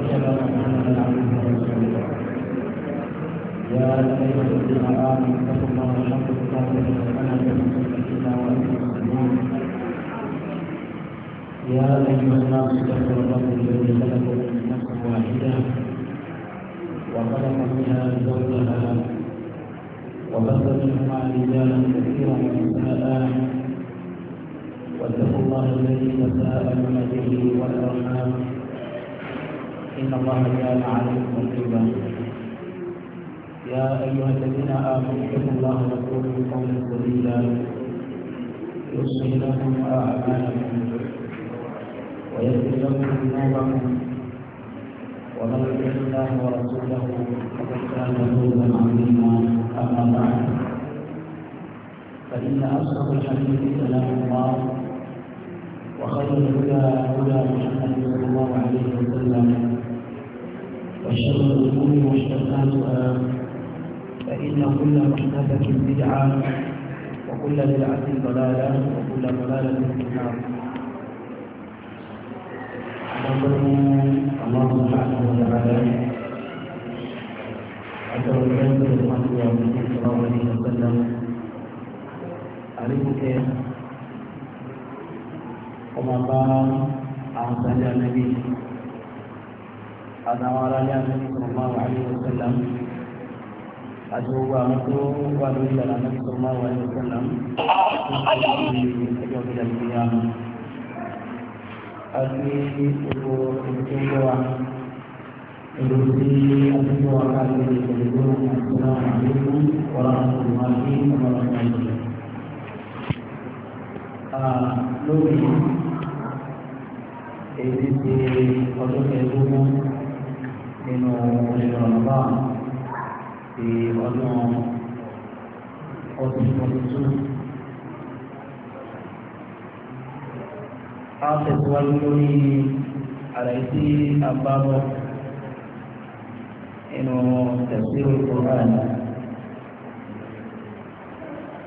يا ايها الذين امنوا اتقوا الله حق تقاته ولا تموتن الا وانتم مسلمون يا ايها الناس اتقوا ربكم الذي خلقكم من نفس واحده وخلق منها زوجها وبث منهما رجالا كثيرا ونساء واتقوا الله الذي تساءلون به والارحام إن الله كان عليكم رقيبا يا أيها الذين آمنوا اتقوا الله وقولوا قولا سديدا يصلح لكم أعمالكم ويغفر لكم ذنوبكم ومن يطع الله ورسوله فقد كان فوزا عظيما أما بعد فإن أصدق الحديث كلام الله وخير الهدى هدى محمد صلى الله عليه وسلم وشر الأمور محدثاتها فإن كل محدثة بدعة وكل بدعة ضلالة وكل ضلالة في النار الله سبحانه وتعالى أكبر الجنة رحمه الله صلى الله عليه وسلم عليك وما قال عن سنة àtàwọn ará ní àti sallallahu alaihi wasallam àti gbogbo àwọn tó wà lórí ìlànà àti sallallahu alaihi wasallam ẹjọ́ ìjà ìgbéyà àti gbogbo ìdíjọ́ wa ìlú tí àtúntò wa káàkiri ìgbàlódé àti ìlú ọ̀rọ̀ àti ìwà ní ọmọdé nàìjíríà. lórí nínú oṣù ọ̀nàmá ti ọdún ọdún tuntun. a tẹ̀síwájú lórí àlàyé tí a bá bọ̀ nínú tẹ̀síwájú Kùránì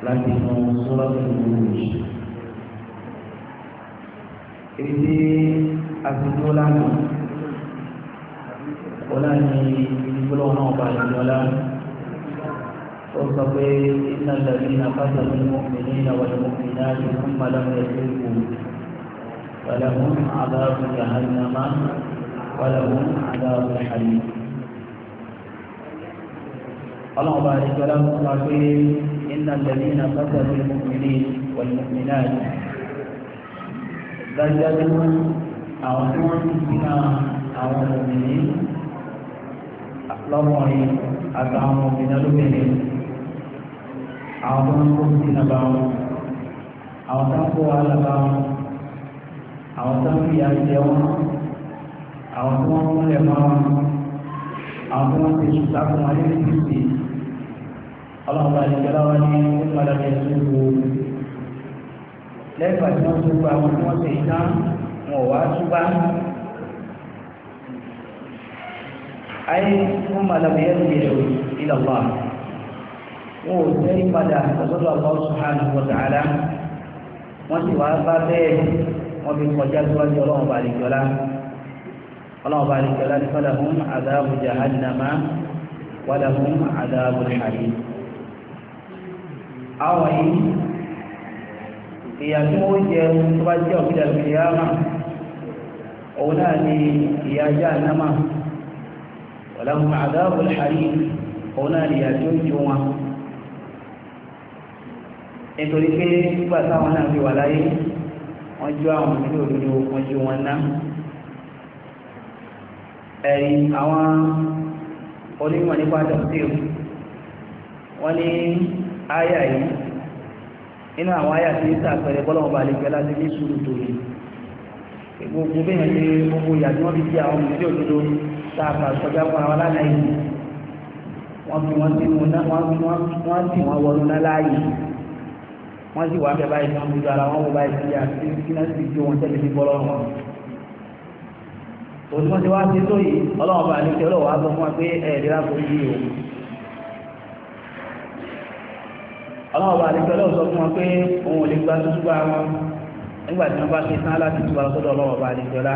láti inú sọ́lọ́dún ìlú ibi tí a ti dúró lánàá ọ̀la ni ìgbọ́lọ́ náà bá ìlú ọ̀la ó sọ pé iná ìdàgbé ní apáta ní mọ̀mìnì ìlàwọ̀ ní mọ̀mìnì àti ìmọ̀lá ní ẹgbẹ́ ìwò pàlàmù àbáàbù jahannama pàlàmù àbáàbù hàlì. ọlọ́run bá ìlú ọ̀la ń sọ pé iná ìdàgbé ní apáta ní mọ̀mìnì wọ̀lmọ̀mìnì àti dájúdájú àwọn tí wọ́n ti fi náà àwọn mọ̀mìnì lọ́kùnrin àtàwọn obìnrin lóbìnrin àwọn tó ń kó sí nàbà wọn àwọn tó ń kó wàhálà bá wọn àwọn tó ń fi àjẹ wọn àwọn tó ń múlẹ̀ mọ́ wọn àwọn tó ń fi sùtà fún wọn ní ìdíje ọlọ́run bá lè jọra wọn ní ìpadà bẹ̀rẹ̀ lẹ́gbàá tí wọ́n tún gba àwọn tí wọ́n ti tán wọn ò wá tún أي ثم لم يرجعوا إلى الله وزي مدى تصدر الله سبحانه وتعالى وسوى به وبالقجاز وجه الله بارك له الله بارك له فلهم عذاب جهنم ولهم عذاب الحريم أو أي ìyà tí tó bá jẹ́ òkúta ìyá náà òun náà ni ìyá jáà náà ọ̀làmù àdáàbò àrí òun náà lè yàtí ó ju wọn nítorí pé nígbà táwọn náà fi wà láyé wọ́n ju àwọn ìlú òdodo wọ́n ju wọn ná ẹ̀yìn àwọn onímọ̀ nípa dọ̀tíl wọ́n ní áyà yìí inú àwọn áyà tí ń sàpẹrẹ bọ́lọ̀wọ́ bá lè fẹ́ láti ní sùúrù tó yìí gbogbo bẹ́ẹ̀ ni gbogbo ìyà tí wọ́n fi jẹ́ àwọn ìlú òdodo tá a fà sọjá fún àwọn aláìní yìí wọ́n fi wọ́n sínú wọ́n sì wọ́n wọnú láláàyè wọ́n sì wà ń bẹ báyìí tí wọ́n fi ara wọn wọ báyìí sí àti kíná sì jó wọn tẹ́lẹ̀ fi bọ́ lọ́rùn wọn. òní wọ́n ti wá sí tó yìí ọlọ́run bá níkẹ́ ọlọ́run wá sọ fún wa pé ẹ̀ẹ́dẹ́rẹ́ àforíjì o. ọlọ́run bá níkẹ́ ọlọ́run sọ fún wa pé òun ò lè gba tuntun bá wọn nígbà tí wọ́n bá ṣe tán láti tún wa lọ́sọ́dọ̀ bá níkẹ́ ọlá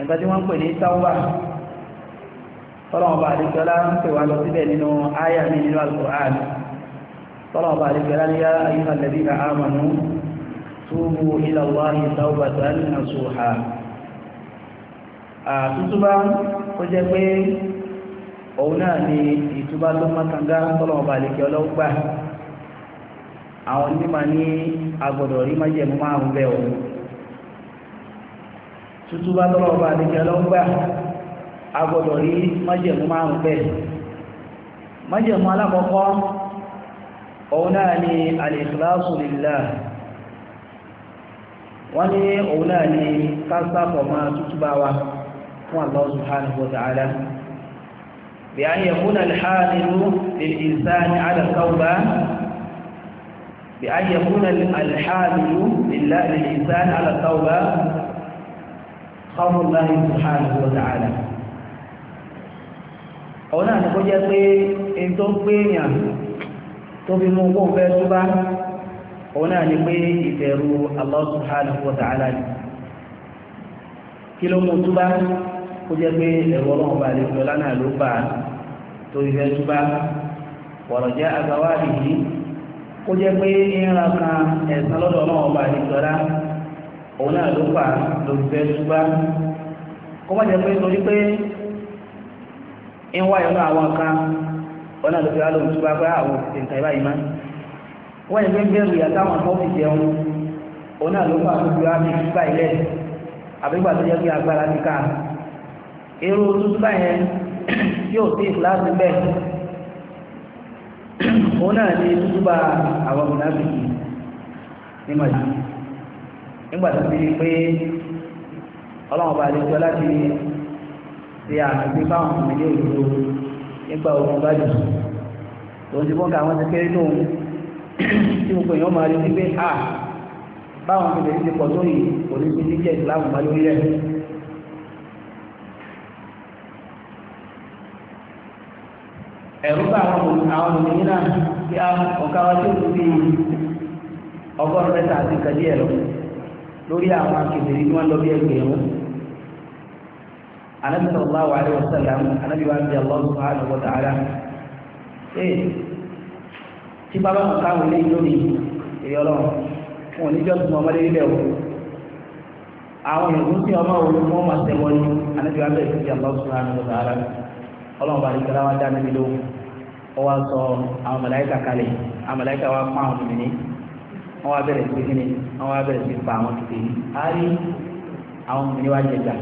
ẹ̀ka tí wọ́n ń pè ní tawba tọ́lọ́mọba àdìsọ́lá ń pè wá lọ síbẹ̀ nínú àyà mi nínú al-Qur'an àdìsọ́lá ní yá amanu tubu ila Allahi tawbatan nasuha àtútúbá ó jẹ́ pé òun náà ni ìtúbá tó mọ́kànlá tọ́lọ́mọba àdìsọ́ ọlọ́gbà àwọn onímọ̀ ní agbọ̀dọ̀ rí májẹ̀mú márùn-ún bẹ́ẹ̀ tuntun bá tọ́lọ̀ ọba àdékẹ́ ọlọ́gbà agbọ́dọ̀ rí májẹ̀mú márùn bẹ́ẹ̀ májẹ̀mú alákọ̀ọ́kọ́ òun náà ni al-ikhlasu lillah wọ́n ní òun náà ni kásáfọ̀ máa tuntun bá wa fún Allah subhanahu wa bí a yẹ kúnà alhàlìlú lil-insani ala tawba bí a yẹ kúnà alhàlìlú lil-insani ala tawba ọmọ láyé subhanahu wa ta'ala ọ̀hún náà nìkó jẹ́ pé in tó gbé èèyàn tó fi mú kó fẹ́ tó bá ọ̀hún náà ní pé ìbẹ̀rù Allah subhanahu wa ta'ala ni kí ló mú tó bá kó jẹ́ pé ẹ̀rọ ọlọ́run bá lè fi ọlá náà ló bá a tó fi fẹ́ tó bá wọ̀rọ̀ jẹ́ agbáwá yìí kó òun náà ló fà ló fẹ́ túbá kó má jẹ́ pé torí pé ń wáyọ̀ náà àwọn kan òun náà ló fẹ́ lóun túbá pé àwọn òṣìṣẹ́ nǹkan ìbáyìí má wọ́n yẹ pé bẹ́ẹ̀rù ìyàtọ̀ àwọn kan fi jẹun òun náà ló fà ló fi wá ní túbá ilẹ̀ àbígbà tó jẹ́ pé agbára ti ká irú túbá yẹn yóò sí ìfúláṣí bẹ́ẹ̀ òun náà ní túbá àwọn mùnàbìkì ní màjì nígbàtí fi pé ọla bá lè jọ láti ṣe àmì pé báwọn ọmọ nígbà ogun bá jù lòun ti fọ́nká àwọn ti kéré lóhun tí gbogbo èèyàn máa rí sí pé à báwọn ti pọ̀ tó yìí kò ní lórí rẹ̀ ẹ̀rú bá àwọn náà kí wa lórí àwọn akẹ́kẹ̀ẹ́ tí wọ́n lọ bí ẹgbẹ̀rún anabi sallallahu alayhi wa sallam anabi wa bi allah subhanahu wa ta'ala ee tí bàbá mi káwọn ilé lórí èyí ọlọ́run fún oníjọ́ tó mọ́ ọmọdé nílẹ̀ o àwọn èèyàn tí ọmọ òun mọ́ máa tẹ̀wọ́ ní anabi wa bẹ̀rẹ̀ sí allah subhanahu wa ta'ala ọlọ́run bàrí ló ọwọ́ sọ àwọn màláíkà kalẹ̀ àwọn màláíkà wa pa àwọn mìíràn wọ́n wá bẹ̀rẹ̀ sí kíni wọ́n wá bẹ̀rẹ̀ sí pa àwọn tètè yìí á rí àwọn obìnrin wá jẹ gbà.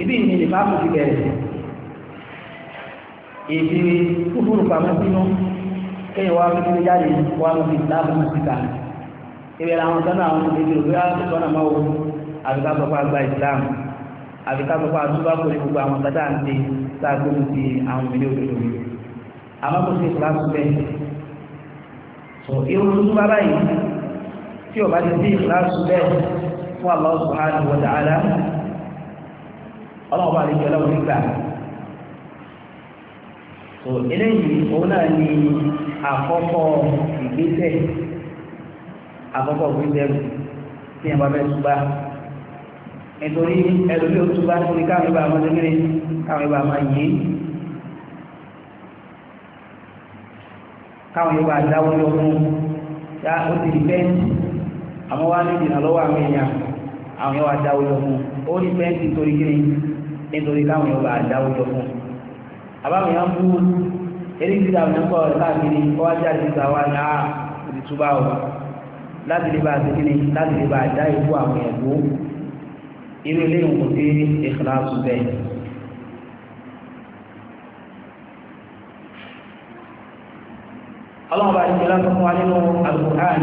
ìbí ni lè máa kú ti bẹ̀rẹ̀ èdè kúkúrú pamọ́ sínú kéèyàn wá fi jáde wá fi láàbù síta ìbẹ̀rẹ̀ àwọn sọ́nà àwọn èdè òbí àtúntọ́nà máa wo àbíká sọ́kọ́ àgbà ìsìláàmù àbíká sọ́kọ́ àtúbà kò ní gbogbo àwọn tata àti sáà gbóhùn ti àwọn ìdílé òbí àmọ́ kò sí ìsìláàmù bẹ́ẹ̀ irun tuntun bá báyìí tí o bá ti sí ìkíláàsù bẹ́ẹ̀ fún Allah subhanahu wa ta'ala ọlọ́run bá lè jẹ́ ọlọ́run nígbà tó eléyìí òun náà ni àkọ́kọ́ ìgbésẹ̀ àkọ́kọ́ ìgbésẹ̀ tí yẹn bá fẹ́ túbá nítorí ẹlòmíì ó túbá nítorí káwọn ibà máa dẹ́gbẹ́rẹ́ káwọn ibà máa yìí káwọn yóò bá dáwọ́ lọ fún yá ó ti di pẹ́ǹtì àmọ́ wá ní ìdìnnà lọ́wọ́ àwọn èèyàn àwọn yóò bá dáwọ́ lọ fún ó ní pẹ́ǹtì torí kiri nítorí káwọn yóò bá dáwọ́ lọ fún àbáwọn èèyàn bú eré ìdílé àwọn ẹ̀kọ́ káàkiri ọwọ́ ajá ti gbà wá ní àá ah, òbí túbà ò láti lè bá a tẹ́kí ni láti lè bá a dá ìbú àwọn ẹ̀gbọ́ irú ilé ọlọ́ọ̀bá àdìsílá tó fún wa nínú Al-Qur'an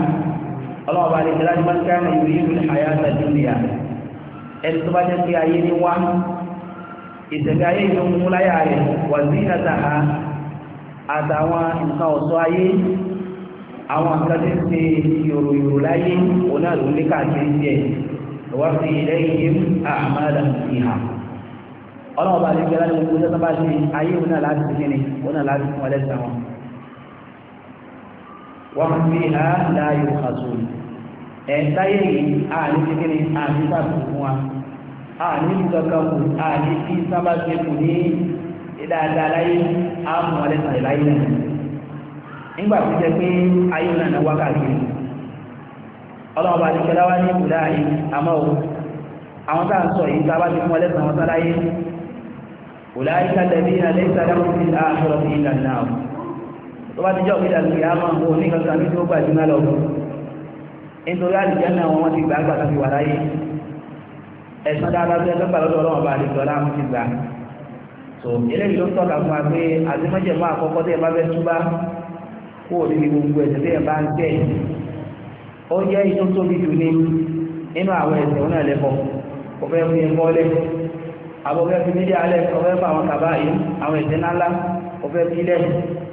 ọlọ́ọ̀bá àdìsílá ní mọ́tíkà ní ìlú yìí ní àyàtà dúnìyà ẹni tó bá jẹ́ pé ayé ní wá ìtẹ̀gbẹ́ ayé yìí ń mú láyà rẹ̀ wà sí àtàhà àtàwọn nǹkan ọ̀ṣọ́ ayé àwọn nǹkan tí ń ṣe yòròyòrò láyé òun náà ló lé káàkiri díẹ̀ wá sí ilé yìí àmàlà ìhà ọlọ́ọ̀bá àdìsílá ní gbogbo wọ́n fi ha láàyò àtún ẹ̀ẹ́dáyé yìí àní kékeré àní sàbùkún wa àní kankan kù àní kí sábà ṣe kù ní dáadáa láyé àmọ́ ọ̀lẹ́sàn láyé náà nígbà tó jẹ́ pé ayé náà wákàtí ọlọ́ọ̀bá ti kẹlá wá ní ìkùdá yìí àmọ́ àwọn tá à ń sọ yìí sábà ti mú ọlẹ́sàn wọn sáláyé ọ̀lá ìkàlẹ̀ bí i àlẹ́ ìsàlẹ̀ tó bá ti jọ́ òkèdà sí àmà òun ní kankan ní tí ó gbàjú náà lọ nítorí àlùjánnà wọn wọ́n ti gbà àgbà tàbí wà láyé ẹ̀sán dáadáa tó ẹgbẹ́ pàlọ́dọ̀ ọlọ́run bá àlejò ọlá ti gbà so eléyìí ló ń tọ́ka fún wa pé àdémọ́jẹ̀mọ́ àkọ́kọ́ tẹ́ ẹ bá fẹ́ túbá kó o níbi gbogbo ẹ̀sẹ̀ tẹ́ ẹ bá ń tẹ̀ ó jẹ́ inú tóbi jù ní nínú àwọn ẹ̀sẹ̀ òun náà lẹ́kọ̀ọ́ kò fẹ́ fi ẹ̀kọ́ lẹ̀ àbọ̀ fẹ́ fi mídíà lẹ̀ kò fẹ́ fà àwọn kàbá yìí àwọn ẹ̀sẹ̀ ńláńlá kò fẹ́ fi lẹ̀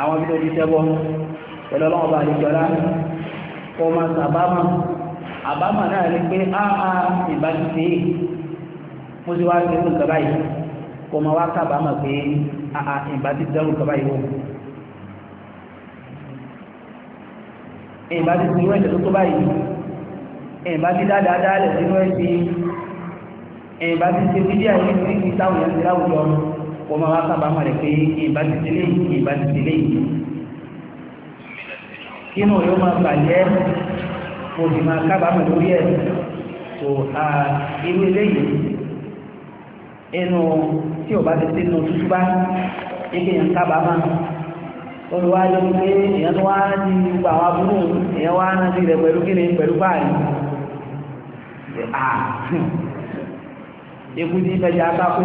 àwọn ibi tó ti tẹ́bọ̀ pẹ̀lú ọlọ́run bá àdìjọ́lá kó máa sàbámà àbámà náà rí pé áá ìbájú sí i mo ti wá sí ìlú kaba yìí kó máa wá kábàámà pé áá ìbájú sí ìlú kaba yìí wò. ìbájú sí ìwé ìtẹ̀tọ́ tó báyìí ìbájú dáadáa dáadáa lẹ̀ sínú ẹ̀sìn ìbájú sí ìdíyà yìí sí ìtàwọn ìyàtì láwùjọ kó máa wá sábà máa rẹ̀ pé ìbá ti délé ìbá ti délé kí náà yóò máa bàjẹ́ mo sì máa kábàámọ̀ lórí ẹ̀ tó a irú eléyìí inú tí ò bá ti sínú tútú bá ike yẹn kábàámọ̀ olùwájú pé èèyàn tó wá ní gbogbo àwọn aburú èèyàn wá rántí rẹ̀ pẹ̀lú kíni pẹ̀lú báyìí ikú tí ìfẹ̀jà bá kú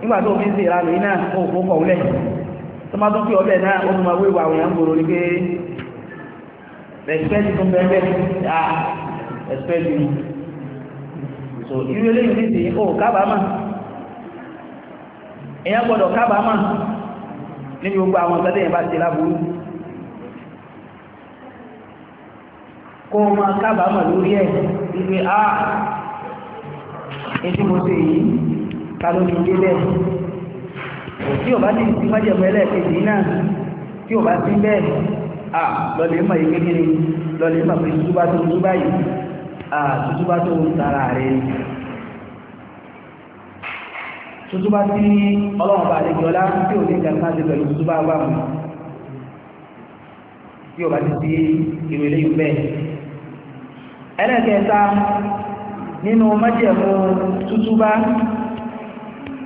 nígbà tó fi ń ṣe ìranù iná òkú kọ̀ọ̀lẹ̀ tó má tó fi ọlẹ̀ náà ó tún máa wéwà àwọn ní pé respect tó bẹ́ẹ̀ ah respect mi so irú eléyìí ní ó kábàámà gbọ́dọ̀ kábàámà níbi gbogbo àwọn ọ̀sẹ̀ bá ti láburú kó o máa kábàámà lórí ah mo ṣe yìí kálọ́ ní ilé bẹ́ẹ̀ tí ò bá ti ti májẹ̀mú ẹlẹ́ẹ̀kejì náà tí ò bá ti bẹ́ẹ̀ à lọ́lẹ̀ mọ̀ yìí kékeré lọ́lẹ̀ mọ̀ pé túbá tó túbá yìí à túbá tó tara rẹ̀ túbá tí ọlọ́run bá àlejò ọlá tí ò ní ìjàmbá ti pẹ̀lú túbá wà mọ́ tí ò bá ti ti ìrẹ̀lẹ̀ yìí bẹ́ẹ̀ ẹlẹ́ẹ̀kẹta nínú májẹ̀mú tútúbá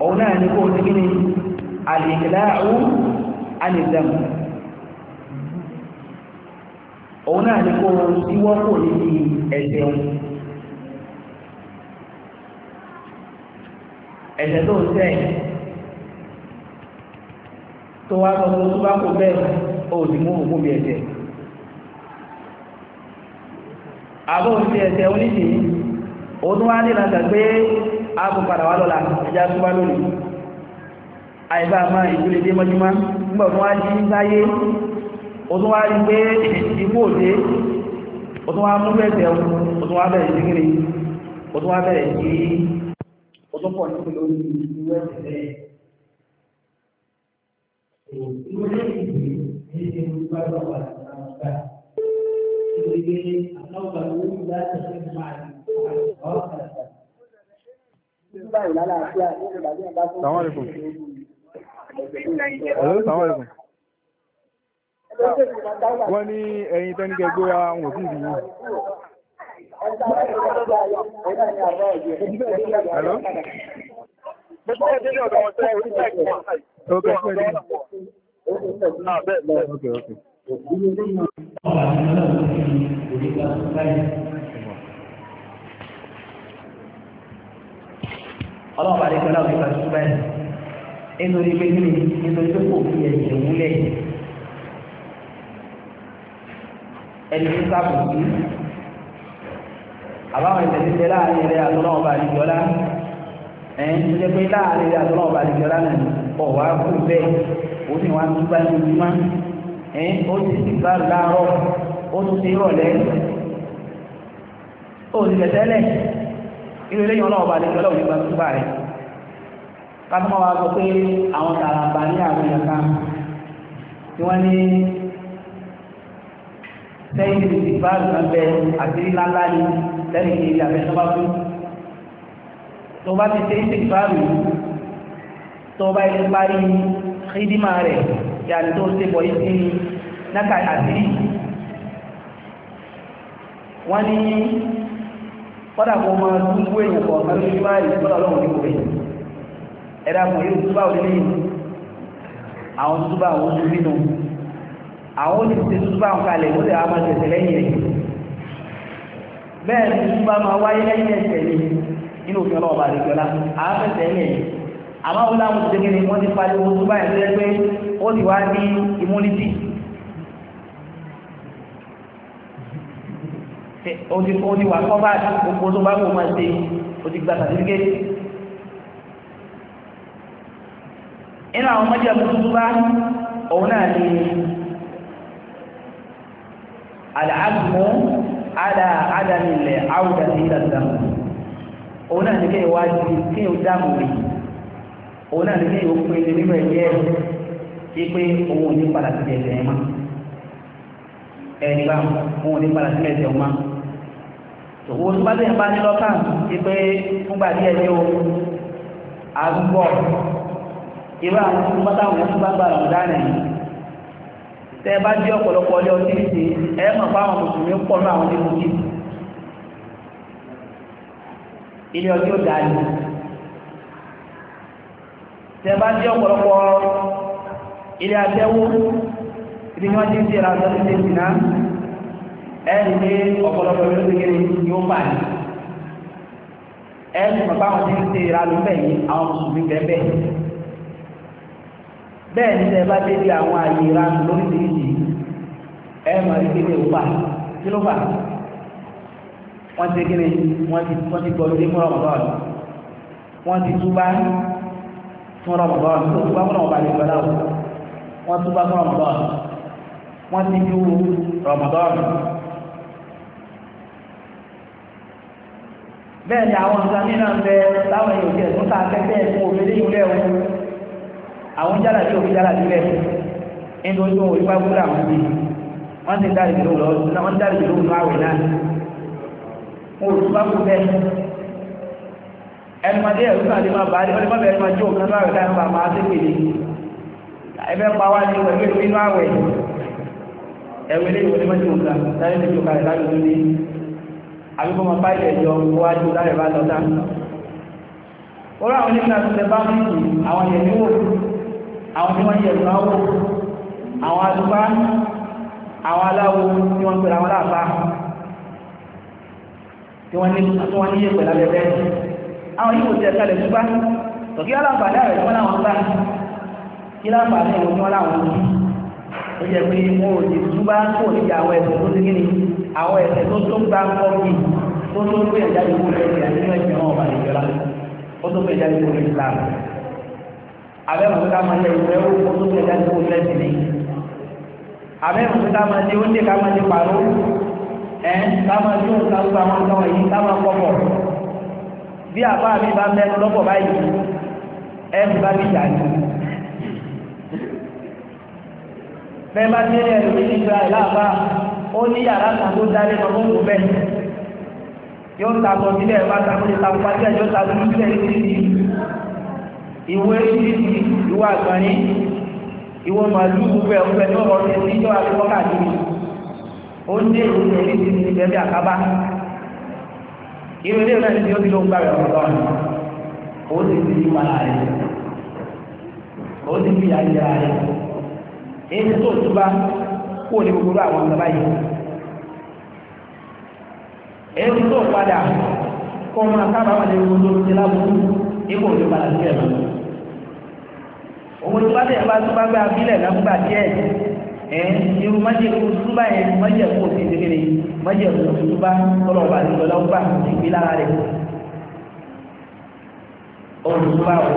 òun náà kó ti gíní alìkìláàrù alìdàm òun náà ní kó síwọ́ kò ní bí ẹ̀ṣẹ̀ wọn tó ń sẹ́ tó wá sọ tó bá kò bẹ́ẹ̀ ó mú òkú bí àbọ̀ oníṣìí ààbò padà wá lọ́la ẹjá tó bá lónìí àìbá máa ìdílé dé mọ́júmá nígbà fún wá jí sáyé ó tún wá rí pé ikú òde ó tún wá mú bẹ́ẹ̀ ó tún wá bẹ̀rẹ̀ sí kiri ó tún wá bẹ̀rẹ̀ sí ó tún pọ̀ nípa lórí ìlú ẹ̀sẹ̀ bẹ́ẹ̀. ìwé lẹ́yìn ní ṣe ń bá lọ́wọ́ àti àwọn ọ̀gá ìwé àwọn ọ̀gá ló ń bá tẹ̀síwájú àwọn ọ̀gá báyìí lálàáfíà ní ìgbàdí Wọ́n ní ẹ̀yin tẹ́ kẹgbó wa wọn sí ìdí yìí. Ẹ̀lọ́. Okay, okay. Okay, okay. ọlọ́ọ̀bá lè gbọ́dọ̀ fi pàṣẹ báyìí nítorí pé kí ni nítorí pé kò fi ẹ̀jẹ̀ wúlẹ̀ ẹni tó sábò sí àbáwọn ìtẹ̀sí ṣe láàrin ilẹ̀ àtọ́lọ́ọ̀bá àdìjọ́lá ẹ̀ ń ṣe pé láàrin ilẹ̀ àtọ́lọ́ọ̀bá àdìjọ́lá náà ọ̀wá kú bẹ́ẹ̀ ó sì wá tún bá ní ojúmọ́ ẹ̀ ó sì sì bá láàárọ̀ ó tún ti rọ̀lẹ́ ó sì tẹ̀tẹ́lẹ̀ irú eléyìn ọlọ́ọ̀bà lè jọ́lọ́ nípa túbà rẹ̀ kátọ́mọ́ wa sọ pé àwọn tààràbà ní àwọn èèyàn kan tí wọ́n ní sẹ́yìn ti bá nǹkan bẹ àti ńláńlá ni lẹ́yìn kiri àbẹ́ tó bá kú tó bá ti sẹ́yìn ti tó bá ilé parí xidima rẹ̀ yàtọ̀ tó ṣe bọ̀ yìí sí náka àti wọ́n ní kọ́dà kó máa tún gbé èèyàn kọ̀ ọ̀kan lórí báyìí kọ́dà ọlọ́run ní kò rí ẹ̀dá mọ̀ yóò túbà ò lélẹ́yìn àwọn túbà àwọn ojú nínú àwọn ó ti ṣe túbà ń kalẹ̀ ó lè wá máa lẹ́yìn rẹ̀ bẹ́ẹ̀ ni túbà máa wáyé lẹ́yìn ẹ̀sẹ̀ ni nínú òfin ọlọ́ọ̀bà àdìgbọ́lá àwọn fẹ̀sẹ̀ lẹ́yìn àmọ́ ó láwọn ti dé ni wọ́n ti pariwo túbà ẹ̀ o ti o ti wà gbogbo tó bá wọ́n máa ṣe o ti gba sàtífíkẹ́tì inú àwọn ọmọdé ọmọdé bá òun náà ni àdáàbùmọ́ àdáàdánilẹ̀ áwùdásí ìdàdàmù òun náà ni kí ìwà ti kí ìwà dáàmù rí òun náà ni kí ìwà pín ní nínú ẹ̀jẹ̀ kí pé òun ò ní padà sí ẹ̀jẹ̀ ẹ̀ má ẹ̀ẹ́dì bá òun ò ní padà sí ẹ̀jẹ̀ owó tó bá tẹ̀yìn bá ní lọ́kàn ti pé fúngbà díẹ̀ ní o àgùnbọ̀ irú àwọn tó bá táwọn ẹ̀sùn bá gbà lọ dáná yìí tẹ́ bá jẹ́ ọ̀pọ̀lọpọ̀ ọdẹ ọtí nìsí ẹ mọ̀ fún àwọn mùsùlùmí pọ̀ ní àwọn onímọ̀ yìí ilé ọjọ́ dání tẹ́ bá jẹ́ ọ̀pọ̀lọpọ̀ ilé atẹ́wó ibi wọ́n ti ń ṣe ìrànlọ́sí ṣe ìsìn náà ẹni pé ọ̀pọ̀lọpọ̀ ló ti kéde yóò bà ní ẹni bàbá àwọn tí ń ṣe ìranu bẹ́ẹ̀ yìí àwọn mùsùlùmí bẹ́ẹ̀ bẹ́ẹ̀ bẹ́ẹ̀ ní sẹ́ẹ̀ bá débi àwọn àyè ìranu lóríṣiríṣi ẹ mọ̀ ní kéde ò bà kí ló bà wọ́n ti kéde wọ́n ti wọ́n ti gbọ́dọ̀ dé fún ọ̀rọ̀ wọ́n ti túbá fún Ramadan tó túbá fún Ramadan ní ìgbàlá wọn túbá fún Ramadan wọ́n ti ju Ramadan bẹ́ẹ̀ ni àwọn nǹkan mí náà bẹ láwọn èèyàn tiẹ̀ tó ta akẹ́kẹ́ fún òfin ilé wọn àwọn jálà tí òfin jálà sílẹ̀ nínú ojú òun ìfá gbúdà wọn bí wọ́n ti dá ìdúró lọ wọ́n dá ìdúró lọ àwẹ̀ náà wọn ò tún bá kú bẹ́ẹ̀ ẹnu máa dé ẹ̀rú náà lè máa bá dé ọdún mọ́bẹ̀ẹ́ni máa jó òkan náà àwẹ̀ láàrín bàbá àtẹ́gbèdè ẹgbẹ́ pa wá ní ìwẹ̀ nínú àwẹ̀ ẹ̀wẹ̀ lè ìwẹ̀ lè máa jó òkan láàrín àbí kọ́ mọ fáìlì ẹ̀jọ́ wájú láyé bá lọ́tà wọ́n àwọn onígbà tó lè bá mìtì àwọn yẹ̀mí wò àwọn tí wọ́n yẹ̀ lọ́wọ́ wò àwọn adúgbà àwọn aláwo tí wọ́n pèrè àwọn láàbá tí wọ́n ní yé pẹ̀lú abẹ́bẹ́ àwọn yìí kò tẹ̀ kalẹ̀ túbá tọ̀kí aláǹfààní àrẹ̀ tí wọ́n láwọn bá kí láǹfààní ìwọ̀n tí wọ́n láwọn bá ó yẹ pé wọn ò lè túbá kó o níbi àwọn ẹ̀sẹ̀ tó ti kíni àwọn ẹ̀sẹ̀ tó tó gba kọ́ọ̀kì tó tó gbé ìjáde kó lè ṣe àdínú ẹ̀sìn náà ọ̀bà ìjọba ó tó gbé ìjáde kó lè ṣe àmì abẹ́mọ̀ tó ká máa lẹ ìwé ó tó gbé ìjáde kó lè ṣe ní abẹ́mọ̀ tó ká máa lé oúnjẹ ká máa lé pàrọ̀ ẹ̀ ká máa lé òun ká gbọ́ àwọn ọmọ yìí ká máa kọ́ bọ̀ bí àbá mi bá mẹ́nu lọ́pọ̀ báyìí ẹ̀ bẹ́ẹ̀ bá tẹ́lẹ̀ ẹ̀rù ní ìgbà ìlàbá ó ní yàrá kan tó darí ọdún kò bẹ́ẹ̀ yóò ta sọ sílẹ̀ bá ta sílẹ̀ ta pa sí ẹjọ́ ta lórí sílẹ̀ ìdíjì ìwé ìdíjì ìwé àgbọ̀nrín ìwé màálù gbogbo ẹ̀ gbogbo ẹ̀ tó rọrùn sí ìjọ àdúgbò káàkiri ó ní èrò ìdíjì ìdíjì ìdẹ́bí àkábá irú ilé náà ni tí ti ló ń gbà rẹ̀ ó sì ti yí padà rẹ̀ ó sì fi àyè rẹ̀ èyí tó tún bá kú ní gbogbo àwọn ọ̀gá báyìí èyí tó padà kọ́ máa sábà wà ní gbogbo tó ti lábúrú ipò ní padà sí ẹ̀rọ òun tó bá tẹ̀ bá tó bá gbé abílẹ̀ lágbà díẹ̀ ẹ̀ irú májèkú túbá yẹn májèkú òsì ìdíkìrì májèkú túbá tọ́lọ̀ wà ní ọlọ́ gbà ìgbélára rẹ̀ òun túbá òun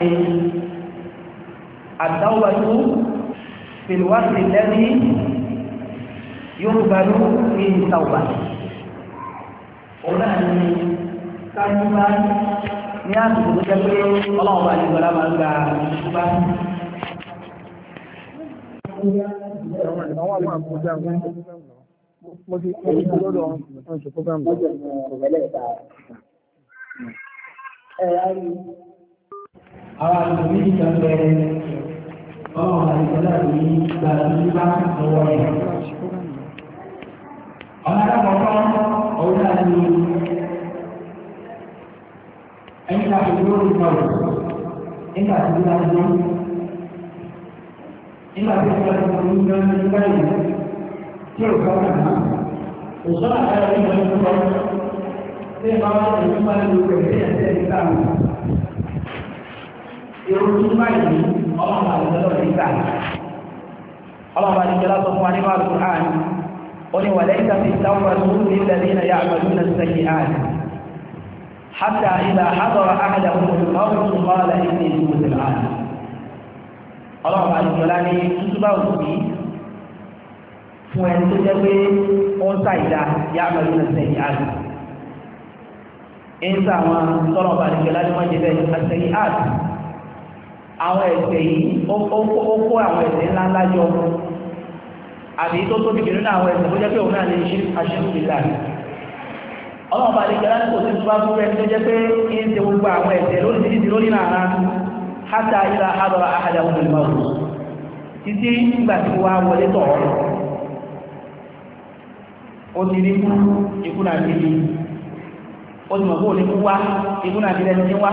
الدولة في الوقت الذي يقبل فيه التوبة ọ̀nà ni kájúbá ní àsìkò tó jẹ́ pé ọlọ́run bá nígbà àwọn àlùmí ìjọ bẹ̀rẹ̀ ọlọ́run àìsọ́lá ní ìgbà tí bá lọ́wọ́ rẹ̀. ọ̀nà àkọ́kọ́ ọ̀hún náà ni ẹni láti dúró ní ọ̀rọ̀ nígbà tí bá lọ́wọ́ nígbà tí bá lọ́wọ́ ní ìjọ ní báyìí tí ò kọ́ kàn án. òṣèlú àtàrà ìjọ ní ọ̀rọ̀ tí ìbáwá ìjọba ìlú rẹ̀ sí ẹ̀sẹ̀ ìgbà wọn irun tó báyìí ọlọ́run àdìjọ́lọ́ rẹ̀ gbà ọlọ́run àdìjọ́lọ́ sọ fún wa nínú àdúrà ààrùn ó ní wàlẹ́ ìtàfi táwọn ọdún ní ìlẹ̀lẹ́ ìnàyà àmàlú náà sẹ́yìn ààrùn حتى إذا حضر أحدهم الموت قال إني جوز الآن ọlọ́run àdìjọ́lá ní tútúbà òsì fún ẹni tó jẹ́ pé ó ń ní wọ́n jẹ́ àwọn ẹ̀ṣẹ̀ yìí ó kó àwọn ẹ̀ṣẹ̀ ńláńlá jọ àbí tó àwọn tó jẹ́ pé òun náà lè ṣe ọlọ́run bá lè láti kò sí tó bá gbogbo àwọn ẹ̀ṣẹ̀ lóríṣiríṣi lórí nàrà hátà ìlà àdọ̀rọ̀ àhàdà òun ìmọ̀ òun títí ìgbà tí wọ́n wọlé tọ̀ ọ́ ó ti kú ikú náà ti ó ti mọ̀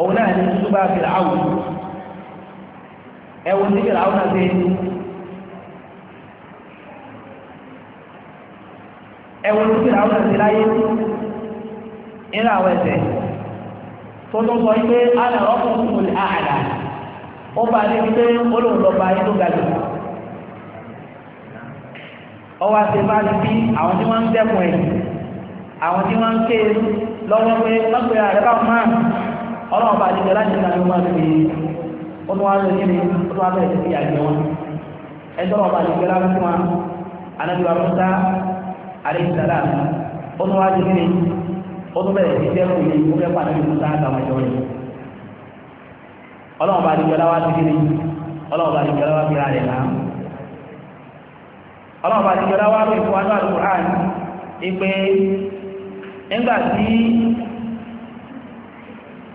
òun náà ní tútù bá fìlà áwù ẹ̀wọ̀n ní fìlà áwù náà ṣe awụ ní fìlà áwù náà ṣe láyé ńlá àwọn ẹ̀sẹ̀ tó sọ pé alẹ ọkùnrin kò lè àlà ó bá dé pé bá tó ga jù ọwọ́ àti bá àwọn tí wọ́n ń dẹ́kun ẹ̀ àwọn tí wọ́n ń ké lọ́wọ́ pé máa ọlọ́run bá ní kẹlá nígbà ló máa fi oníwájú kíni oníwájú ẹ̀sìn fi àgbẹ̀ wọn ẹjọ́ ọba ní kẹlá fún wa anábìwá mọ́tà àríṣàlá oníwájú kíni oníbẹ̀rẹ̀ sí jẹ́ òye ó fẹ́ pàdé ní mọ́tà àtàwọn ẹ̀jọ́ yìí ọlọ́run bá ní kẹlá wá sí kíni ọlọ́run bá ní kẹlá wá fi ra rẹ̀ náà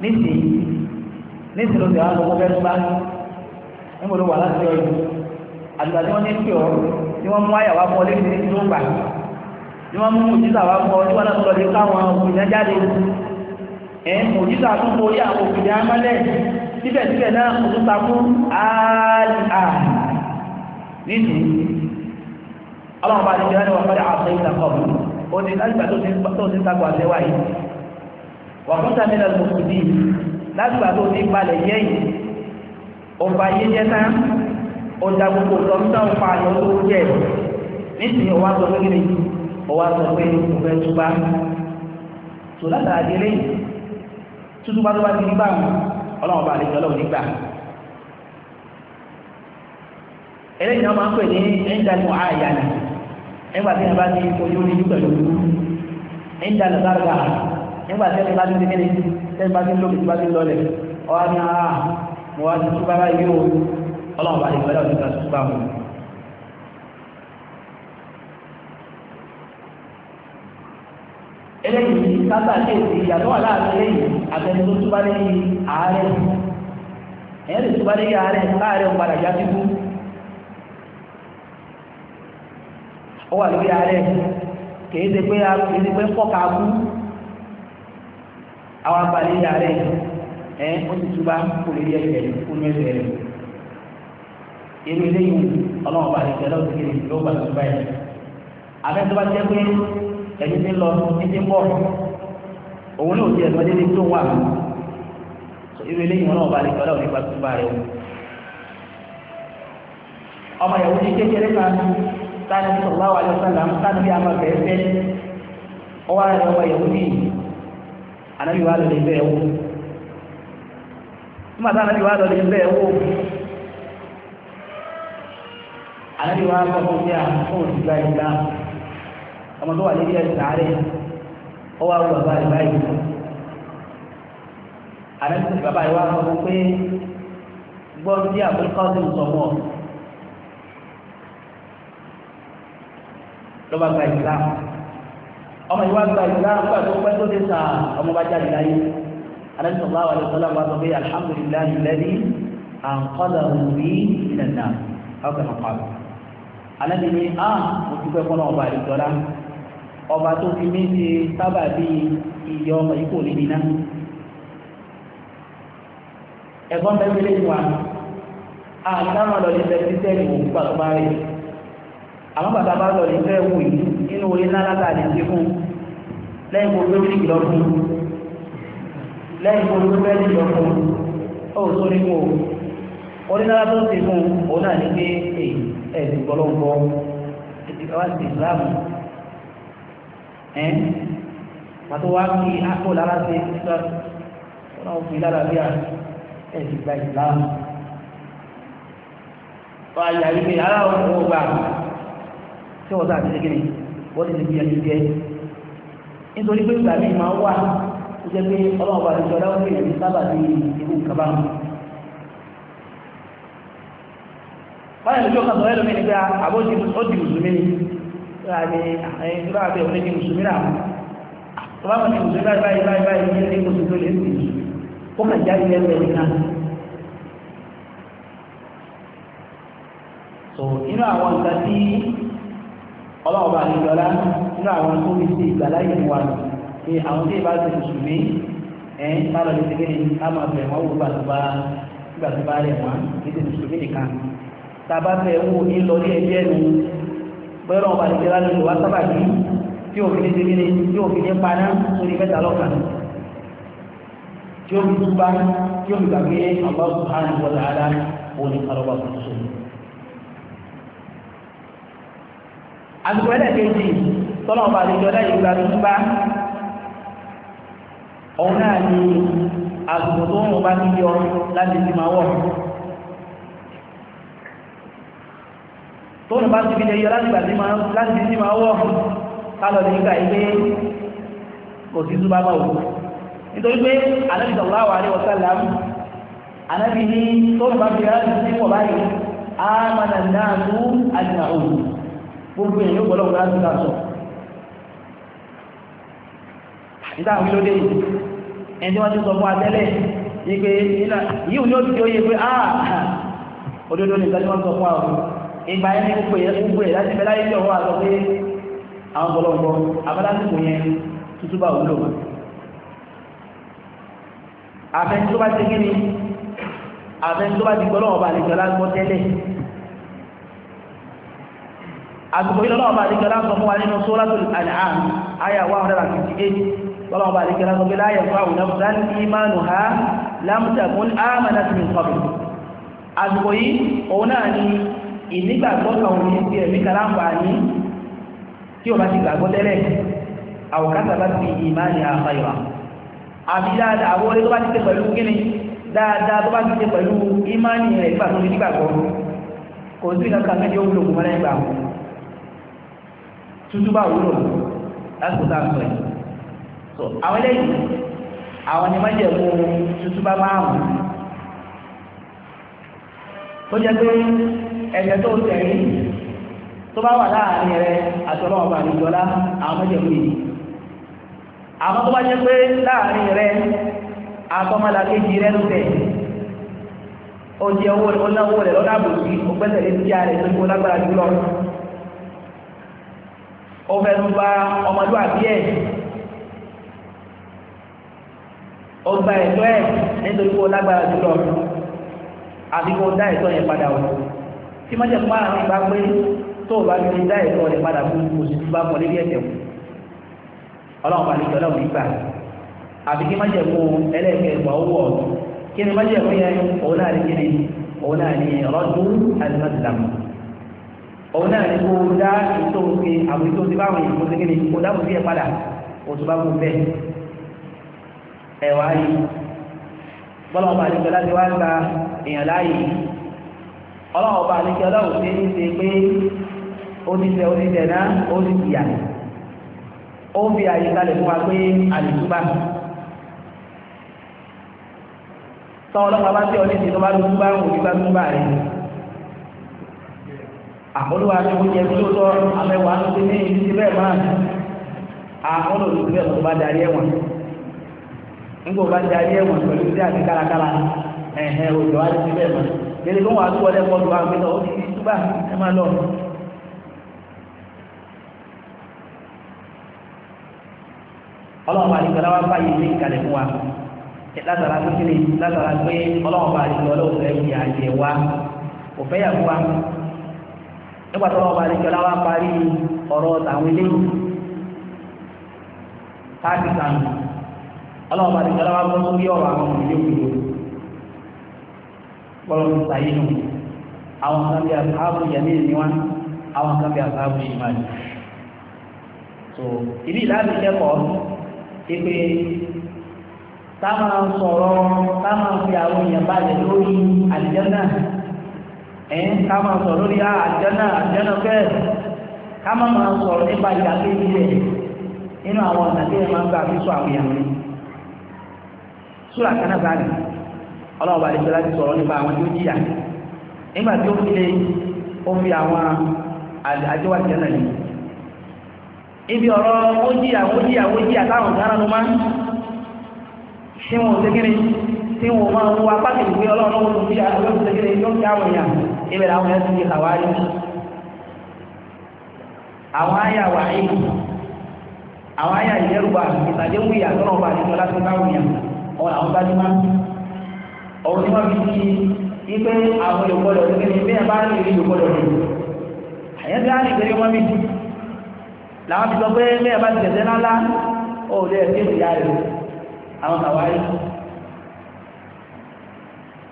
nísìnyí nísìnyí ló ti wá lọ́wọ́ bẹ́ẹ̀ bá níbo ló wà láti ọ̀yọ́ àgbà tí wọ́n ní pè ọ́ tí wọ́n mú àyà wá tí mú òjìṣà wá bọ́ tí wọ́n náà sọ̀rọ̀ lé káwọn òkùnrin jáde ẹ̀ òjìṣà tún borí àwọn òkùnrin amálẹ̀ síbẹ̀síbẹ̀ náà kò tún takú àlìhà nísìnyí ọlọ́run ti jẹ́ ẹni wọ́n fẹ́ àṣẹ ìtàkọ́ ó ní láti tó ti takú àṣẹ wáyé wàkúntà mi lọ lóko bíi lágbà tó ti balẹ̀ yẹ yìí ọba yé jẹ tán ọjà gbogbo lọ́mítà ọ̀pá àyọ̀ tó jẹ nísìnyí ọwá sọ pé kíni ọwá sọ pé ọbẹ̀ túbá tó látara di eléyìí tútúbá tó bá ti ní báwọn ọlọ́run ọba àlejò ọlọ́run nígbà eléyìí náà máa ń pè ní ẹ̀ńdàlù àyànà ẹgbàá tí wọn bá ti fojú ní pẹ̀lú ẹ̀ńdàlù bàbà nígbà tẹ́lẹ̀ bá ti ti kíni tẹ́lẹ̀ bá ti lókè tí bá ti lọlẹ̀ ọwá ní ara ah, mo wá ti túbá báyìí o ọlọ́run bá lè gbọ́dọ̀ ti ta túbá mu. eléyìí sábà ṣe èsì ìyàtọ̀ wà láàrin eléyìí àtẹni tó túbá lẹ́yìn ààrẹ ẹ̀yẹ́ lè túbá lẹ́yìn àwọn abalẹ̀ ìyá rẹ̀ ẹ̀ ó ti túbá kò lè rí ẹ̀jẹ̀ fún ẹ̀jẹ̀ rẹ̀ irú eléyìí ọlọ́run bá àlejò ẹlọ́run kékeré yóò gbà tó báyìí abẹ́tọ́ bá jẹ́ pé ẹni tí lọ ní ti bọ̀ òun ní ẹ̀sọ́ tó wà nípa rẹ̀ ọmọ ànábì wá lọ́lẹ̀ ibẹ̀ ẹ̀wọ́ nígbàtà ànábì wá lọ́lẹ̀ ibẹ̀ ẹ̀wọ́ ànábì wá kọ́kọ́ sí àwọn òṣìṣẹ́ ìgbà ọmọ tó wà lórí ẹ̀ sàárẹ̀ ó wá wọ bàbá rẹ̀ báyìí ànábì bàbá rẹ̀ wá kọ́kọ́ pé gbọ́n tí àbúkọ́sí ń sọ mọ́ lọ́ba gba ìsìlámù ọmọ ìwà gba ìsìlámù gbà tó pẹ́ tó dé sa ọmọ bá jáde láyé alẹ́ sọ̀rọ̀ àwọn àlùsọ́lá wa sọ pé alhamdulillahi alladhi àǹkọ́dà òbí ilẹ̀ náà ọkọ̀ ọ̀pá alẹ́ ni a mo ti pẹ́ fọ́nà ọba ìjọra ọba tó fi mí ṣe sábà bí ìyọ ọmọ yìí kò níbi ẹ̀gbọ́n bẹ́ẹ̀ lé àtàwọn lọ́ọ̀lì bẹ́ẹ̀ ti sẹ́yìn òkú pàtó nínú orí ńlá látàrí ti fún lẹ́yìn kò lórí ìlọ fún lẹ́yìn kò lórí bẹ́ẹ̀ ìlọ fún ó tó ní kò orí ńlá tó ti fún òun náà ní pé ẹ̀sìn gbọ́lọ́gbọ́ ẹ̀sìn kọ́wá sí Islam ẹ̀ pàtó wá kí akó lára sí Islam ọ̀nà òfin lára bí ẹ̀sìn gba Islam wọ́n á yà wípé aláwọ̀ ọ̀gbà tí wọ́n sá àti ṣe kí ni wọ́n ti fi ẹni jẹ́ nítorí pé ìgbà míì máa ń wà ó jẹ́ pé ọlọ́run bá ti sọ ọlọ́run pé èyí sábà ní irú nǹkan bá wọn. báyọ̀ lójú ọkàn sọ̀rọ̀ ẹlòmíì ni pé àbójì ó di mùsùlùmí ni ìgbà ni ẹ̀yìn tó bá bẹ̀ òní di mùsùlùmí rà tó bá wọn di mùsùlùmí báyìí báyìí báyìí báyìí ní ilé oṣù tó lè ti ó kàn já ilé ẹgbẹ́ nìkan. so inú àwọn nǹkan tí ọlọ́ọ̀bá àdìjọ́lá nínú àwọn tó ní sí ìgbàláyè fún wa ní àwọn tí ìbá ti mùsùlùmí ẹ̀ ń bá lọ sí kéde ká máa bẹ̀ wọ́n wò gbàtúbá gbàtúbá rẹ̀ wọ́n kí ti mùsùlùmí nìkan tàbá fẹ́ wò ní lọ ní ẹgbẹ́ ẹnu bọ́ẹ̀rọ̀ ọba àdìjọ́lá ní ìwà sábà kí tí òfin ní kéde tí òfin ní paná sórí mẹ́ta lọ́kàn tí ó fi túbá tí ó fi gbàgbé ọ̀pọ̀ àsìkò ẹlẹ́ẹ̀kejì tọ́lọ̀ ọba àlejò ọlá ìgbà tó bá ọ̀hún náà ni àsìkò tó ń bá ti yọ láti ti máa wọ̀ tó ń bá ti fi lè yọ láti ti máa wọ̀ kálọ̀ ní ìgbà ilé kò sí túbá máa wù nítorí pé anábì sallallahu alaihi wasallam anábì ní tó ń bá fi láti ti wọ̀ báyìí á gbogbo èèyàn gbọ́dọ̀ wọ́n láti ká sọ ìdá àwọn ìlódé yìí ẹni tí wọ́n ti sọ fún atẹ́lẹ̀ ìgbé yíò ní ó ti yóò yé pé áà òdodo ní ìgbà tí wọ́n sọ fún àwọn ìgbà ẹni gbogbo ẹ̀ láti bẹ́lá ilé ọwọ́ àtọ́ pé àwọn ọ̀pọ̀lọpọ̀ abálásìkò yẹn tuntun bá wúlò wọn àfẹ́ni tó bá ti kí ni àfẹ́ni tó bá ti gbọ́dọ̀ ọba àlejò alágbọ́ àsìkò yìí lọ́wọ́ bá lè kẹ́lá sọ fún wa nínú Suratul An'am àyà 158 lọ́wọ́ bá lè kẹ́lá sọ pé la yanfa'u nafsan imanuha lam takun amanat min qabl àsìkò yìí òun náà ni ìnígbàgbọ́ àbí dáadáa àwọn orí tó bá ti pẹ̀lú kíni dáadáa tó bá ti pẹ̀lú ìmánì rẹ̀ nígbà tó ní nígbàgbọ́ kò sí ìdáka méjì ó wúlò kò tútù bá wúlò láti tá a sọ yìí so àwọn eléyìí àwọn ni wọ́n jẹ́ mú tútù bá máa mú tó jẹ́ pé ẹ̀jẹ̀ tó ń tẹ̀lé tó bá wà láàrin rẹ àti ọlọ́wọ́ bá ní ìjọlá àwọn mọ́jẹ̀mú yìí àwọn tó bá jẹ́ pé láàrin rẹ àtọmọlàkejì rẹ ló tẹ̀ ó jẹ́ owó ọ̀nà owó rẹ̀ lọ́nà àbòsí ó gbẹ́sẹ̀ lé sí ààrẹ tó kó lágbára jùlọ ọfẹ́ tó bá ọmọlúwàbí ẹ̀ ọgbà ẹ̀tọ́ ẹ̀ nítorí kó lágbára jùlọ àbí kó dá ẹ̀tọ́ yẹn padà wọ̀ tí má jẹ́ fún àwọn ìgbà pé tó o bá fi dá ẹ̀tọ́ rẹ̀ padà fún oṣù tó bá kọ́ lórí ẹ̀tẹ̀ wọ̀ ọlọ́run bá lè jọ nígbà àbí kí má jẹ́ fún ẹlẹ́ẹ̀kẹ́ ìgbà owó ọ̀tún kí ni má jẹ́ fún yẹn òun náà ní kí ni òun náà ní rọ́dún àti òun náà ní kó dá ètò òkè àwọn ètò báwọn èèyàn fún kékeré kó dáàbò sí ẹ padà òtún bá ọba láti wá gba èèyàn láàyè ọba ṣe ń ṣe pé ó ti tẹ ó ti tẹ náà ó ti ó fi àyè kalẹ̀ fún wa pé tọ́ ọlọ́pàá àkọlùwà tí ó jẹ tó tọ́ amẹ́wàá tó ti ní ìlú ti bẹ́ẹ̀ máa àkọlù tó bẹ́ẹ̀ tó bá darí ẹ̀wọ̀n bá darí ẹ̀wọ̀n pẹ̀lú sí àti kárakára ẹ̀hẹ́ òjò ti bẹ́ẹ̀ máa tó wà tó wọlé ó ti túbà ẹ máa lọ. báyìí ní ìkàlẹ̀ fún wa látara látara pé nígbà tó wọ́n bá lẹ́jọ́ láwá parí ọ̀rọ̀ tàwọn ilé pakistan ọlọ́wọ́ bá lẹ́jọ́ láwá bọ́ sórí ọ̀rọ̀ àwọn òmìnir òkúrò pọ́lọ́ ní sàyínú àwọn kan bí àbábù yẹmí ni wọ́n àwọn kan bí àbábù yìí máa so ibi ìlànà ìkẹ́kọ̀ọ́ ipe táwọn sọ̀rọ̀ táwọn fi àwọn èèyàn balẹ̀ lórí àlìjẹ́ náà ẹ̀yìn ká sọ lórí àjẹ́nà àjẹ́nà bẹ́ẹ̀ ká máa sọ nípa ìdàgbé ilẹ̀ nínú àwọn ọ̀nà tí gbà fi sọ àwọn èèyàn rí súrà kanáà bá rẹ̀ ọlọ́ọ̀bà sọ̀rọ̀ nípa àwọn tí ó jìyà nígbà tí ó fi lé ó fi àwọn àjọ ibi ọ̀rọ̀ ó jìyà ó jìyà ó jìyà táwọn ló máa ṣe kí tí máa pé ọlọ́run ó àwọn ibẹ̀ làwọn yẹn ti di àwárí àwọn àyà wàáyé àwọn àyà ìdẹ́rùbà ìtàjẹ́ wù ìyá tọ́nà ọba àdìsọ́ láti báwọn yẹn ọ̀hún àwọn bá dímá ọ̀hún ni wọ́n fi di ipe àwọn olùkọ́dọ̀ ní kíni bí ẹ bá rí ìrí olùkọ́dọ̀ ní àyẹ́ bí á rí ìgbérí wọn bí làwọn ti sọ pé bí ẹ bá ti tẹ̀sẹ̀ ńlá ó lé ẹ̀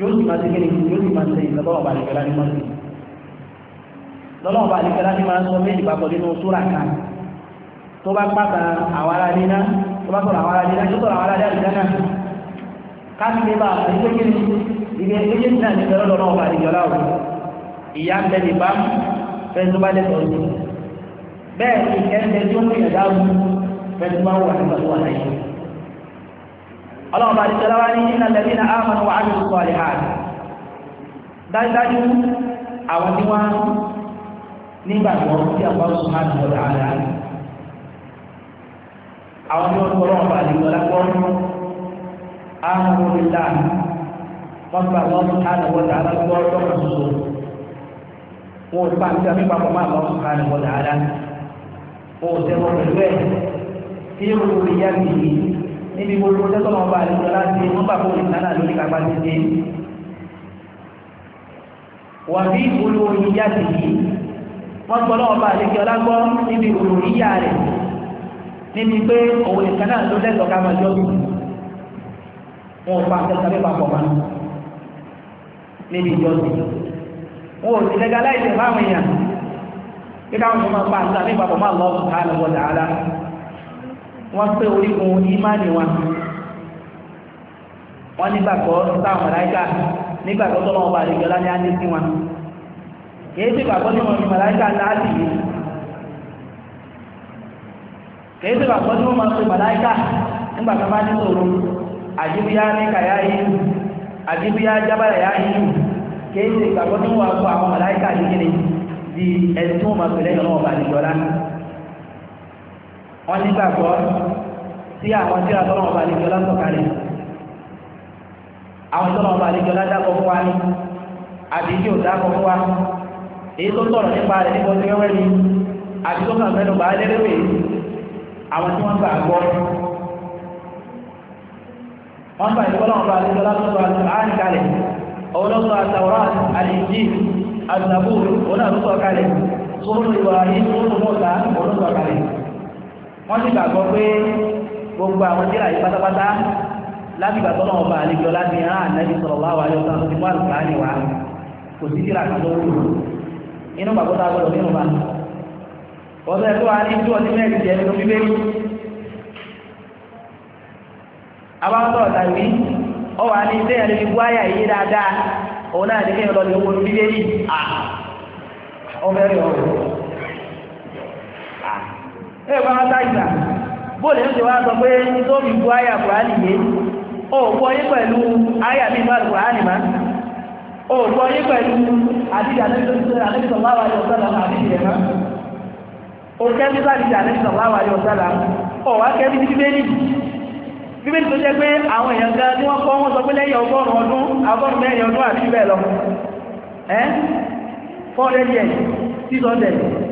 yóò sì máa ṣe kíni yóò sì máa ṣe ìtọ́lọ́wọ́ bá àlìkẹ́lá ní máa ṣe lọ́lọ́wọ́ bá àlìkẹ́lá ní máa sọ méjì papọ̀ nínú súrà kan tó bá pàtà àwọn ará níná tó bá sọ̀rọ̀ àwọn ará níná tó sọ̀rọ̀ àwọn ará níná náà káàkiri bá àtàlẹ́ kíni ibi ẹgbẹ́ náà ní tẹ́lọ́ lọ́wọ́ bá àlìkẹ́lá ò ìyá ń bẹ bá fẹ́ tó bá lẹ́tọ̀ sí bẹ́ẹ̀ ni tí ó ń pè ọlọ́run bá dìtẹ̀ lọ́wọ́ ní iná lẹ́bí na ámànà wà ámì sọ àlè hàn dájúdájú àwọn tí wọ́n nígbà tí wọ́n tí àwọn sọ máa dùn ọ̀dà àlà àwọn tí wọ́n tó ọlọ́run bá dìtẹ̀ lọ́wọ́ ámànà wọlé láàmì wọ́n gbà wọ́n tó hàn wọ́n dà àlà gbọ́ lọ́kàn soso wọn ò bá ń tẹ́ nípa pọ̀ máa lọ́ sọ hàn níbi gbogbo tẹ́tọ́ wọn bá àlejò láti wọ́n bá fún ìtànà lórí kápá ti dé wà bí olóríyá ti yìí wọ́n gbọ́ lọ́wọ́ bá àlejò ọlágbọ́ níbi olóríyá rẹ̀ níbi pé òun ìtànà ló lẹ́tọ̀ọ́ ká máa jọ́bù wọn ò fa akẹ́kọ̀ọ́ pípa pọ̀ máa níbi ìjọsìn wọn ò sì lẹ́gà láì tẹ̀ fáwọn èèyàn kíkà wọn tó máa pa àtúntà pípa pọ̀ máa lọ́ọ̀tù wọ́n pé orígun ìmáàlì wọn wọ́n nígbàgbọ́ sáwọn màláíkà nígbàgbọ́ tó lọ́wọ́ bá àlejò ọlá ní á ní sí wọn kìí sí gbàgbọ́ ní wọn yìí kìí ní wọn máa pe màláíkà nígbà tó bá ní sòrò àjíbíyá ní kàyá yìí àjíbíyá jábàlẹ̀ yá yìí kìí ní wọn máa pe àwọn màláíkà yìí kiri di ẹni tí wọn máa wọ́n ní gbàgbọ́ sí àwọn tí àtọ́nà ọba àlejò lásọ̀kalẹ̀ àwọn tọ́nà ọba àlejò ládàkọ̀ fún wa ní àbí tí ò dákọ̀ fún wa èyí tó sọ̀rọ̀ nípa rẹ̀ nípa ọdún wẹ́wẹ́ ni àbí tó kàn mẹ́nu bá lérèwé àwọn tí wọ́n gbàgbọ́ wọ́n gbà ìfọ́nà ọba àlejò lásọ̀kalẹ̀ àárín ọlọ́sọ àtàwọ̀rán àlèjì àtàbùrù ọlọ́sọ kalẹ̀ sọ́rọ̀ ìwà ìṣòro mọ́ta ọlọ́sọ kalẹ̀ wọ́n ti gbàgbọ́ pé gbogbo àwọn tíra yìí pátápátá láti gbàgbọ́ náà ọba àlejò láti rán ànábì sallallahu alaihi wasallam ti mú àlùkò àlè wá kò sí tíra kan tó inú gbàgbọ́ tá a gbọ́dọ̀ nínú wa ọ̀sẹ̀ tó wà ní ìjọ nílẹ̀ ìjẹ́ nínú bíbélì abáwọ́sọ̀ tàbí ọ wà ní àyà yìí dáadáa òun náà owó ẹ bá wọn táìsà bóòlù yóò ṣe wá sọ pé tó fi bu àyà kùránì yé o gbọ́ yé pẹ̀lú àyà mi bá kùránì má o gbọ́ yé pẹ̀lú àdìjà àdìjà láwà yóò sọ́dà àdìjà má o kẹ́bí sáàdìjà àdìjà láwà yóò sọ́dà o wá kẹ́bí ní bíbélì bíbélì tó jẹ́ pé àwọn èèyàn gan tí wọ́n kọ́ wọn sọ pé lẹ́yìn ọgọ́rùn-ún ọdún ọgọ́rùn-ún mẹ́rin ọdún àti bẹ́ẹ̀ lọ ẹ́ 400 years 600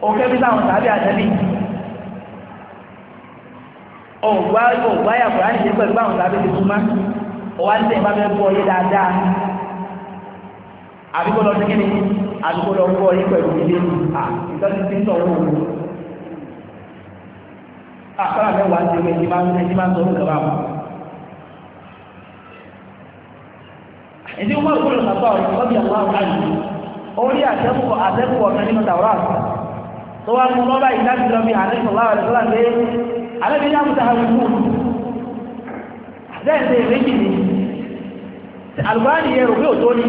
òkè bí sáwọn tàbí àtẹ́bí ọ̀gbá ọ̀gbáyà kòrán ìṣe pẹ̀lú báwọn tàbí ti súnmá ọwá ní tẹ̀yìn bá fẹ́ bọ́ ọyé dáadáa àbíkó lọ sí kíni àbíkó lọ bọ́ ọyé pẹ̀lú ilé à ìtọ́jú ti ń owó àkọ́là mẹ́wàá ti máa ń sọ báwọn. wọn kúrò sàtọ̀ ọ̀rọ̀ àwọn àyè orí ọ̀kan nínú tàwọn tó wá mú lọ́bá ìdájú lọ bí àrẹ́sọ̀láwà rẹ̀ sọ́lá pé àrẹ́bí yá múta àwọn ikú àdẹ́ẹ̀sẹ̀ méjì ni alùbáàdì yẹ òbí òtó ni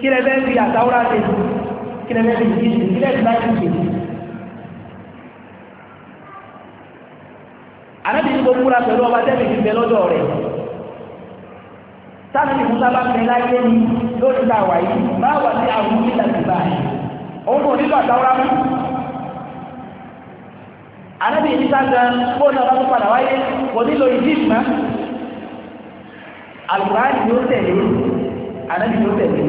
kí lẹ bẹ́ fi àtàwọ́rá ṣe kí lẹ bẹ́ fi jìjì kí lẹ fi láti ṣe àrẹ́bí tó múra pẹ̀lú ọba tẹ́bì ti bẹ lọ́dọ̀ rẹ̀ sáà ní ìmúta bá fẹ́ láyé ní lórí ìgbà wáyé máa wà ní àwọn ìlànà ìbáyìí anábì ìdíta gan fóònù ọba tó padà wáyé kò nílò ìdíjì mọ́ alùpùránì yóò tẹ̀lé anábì yóò tẹ̀lé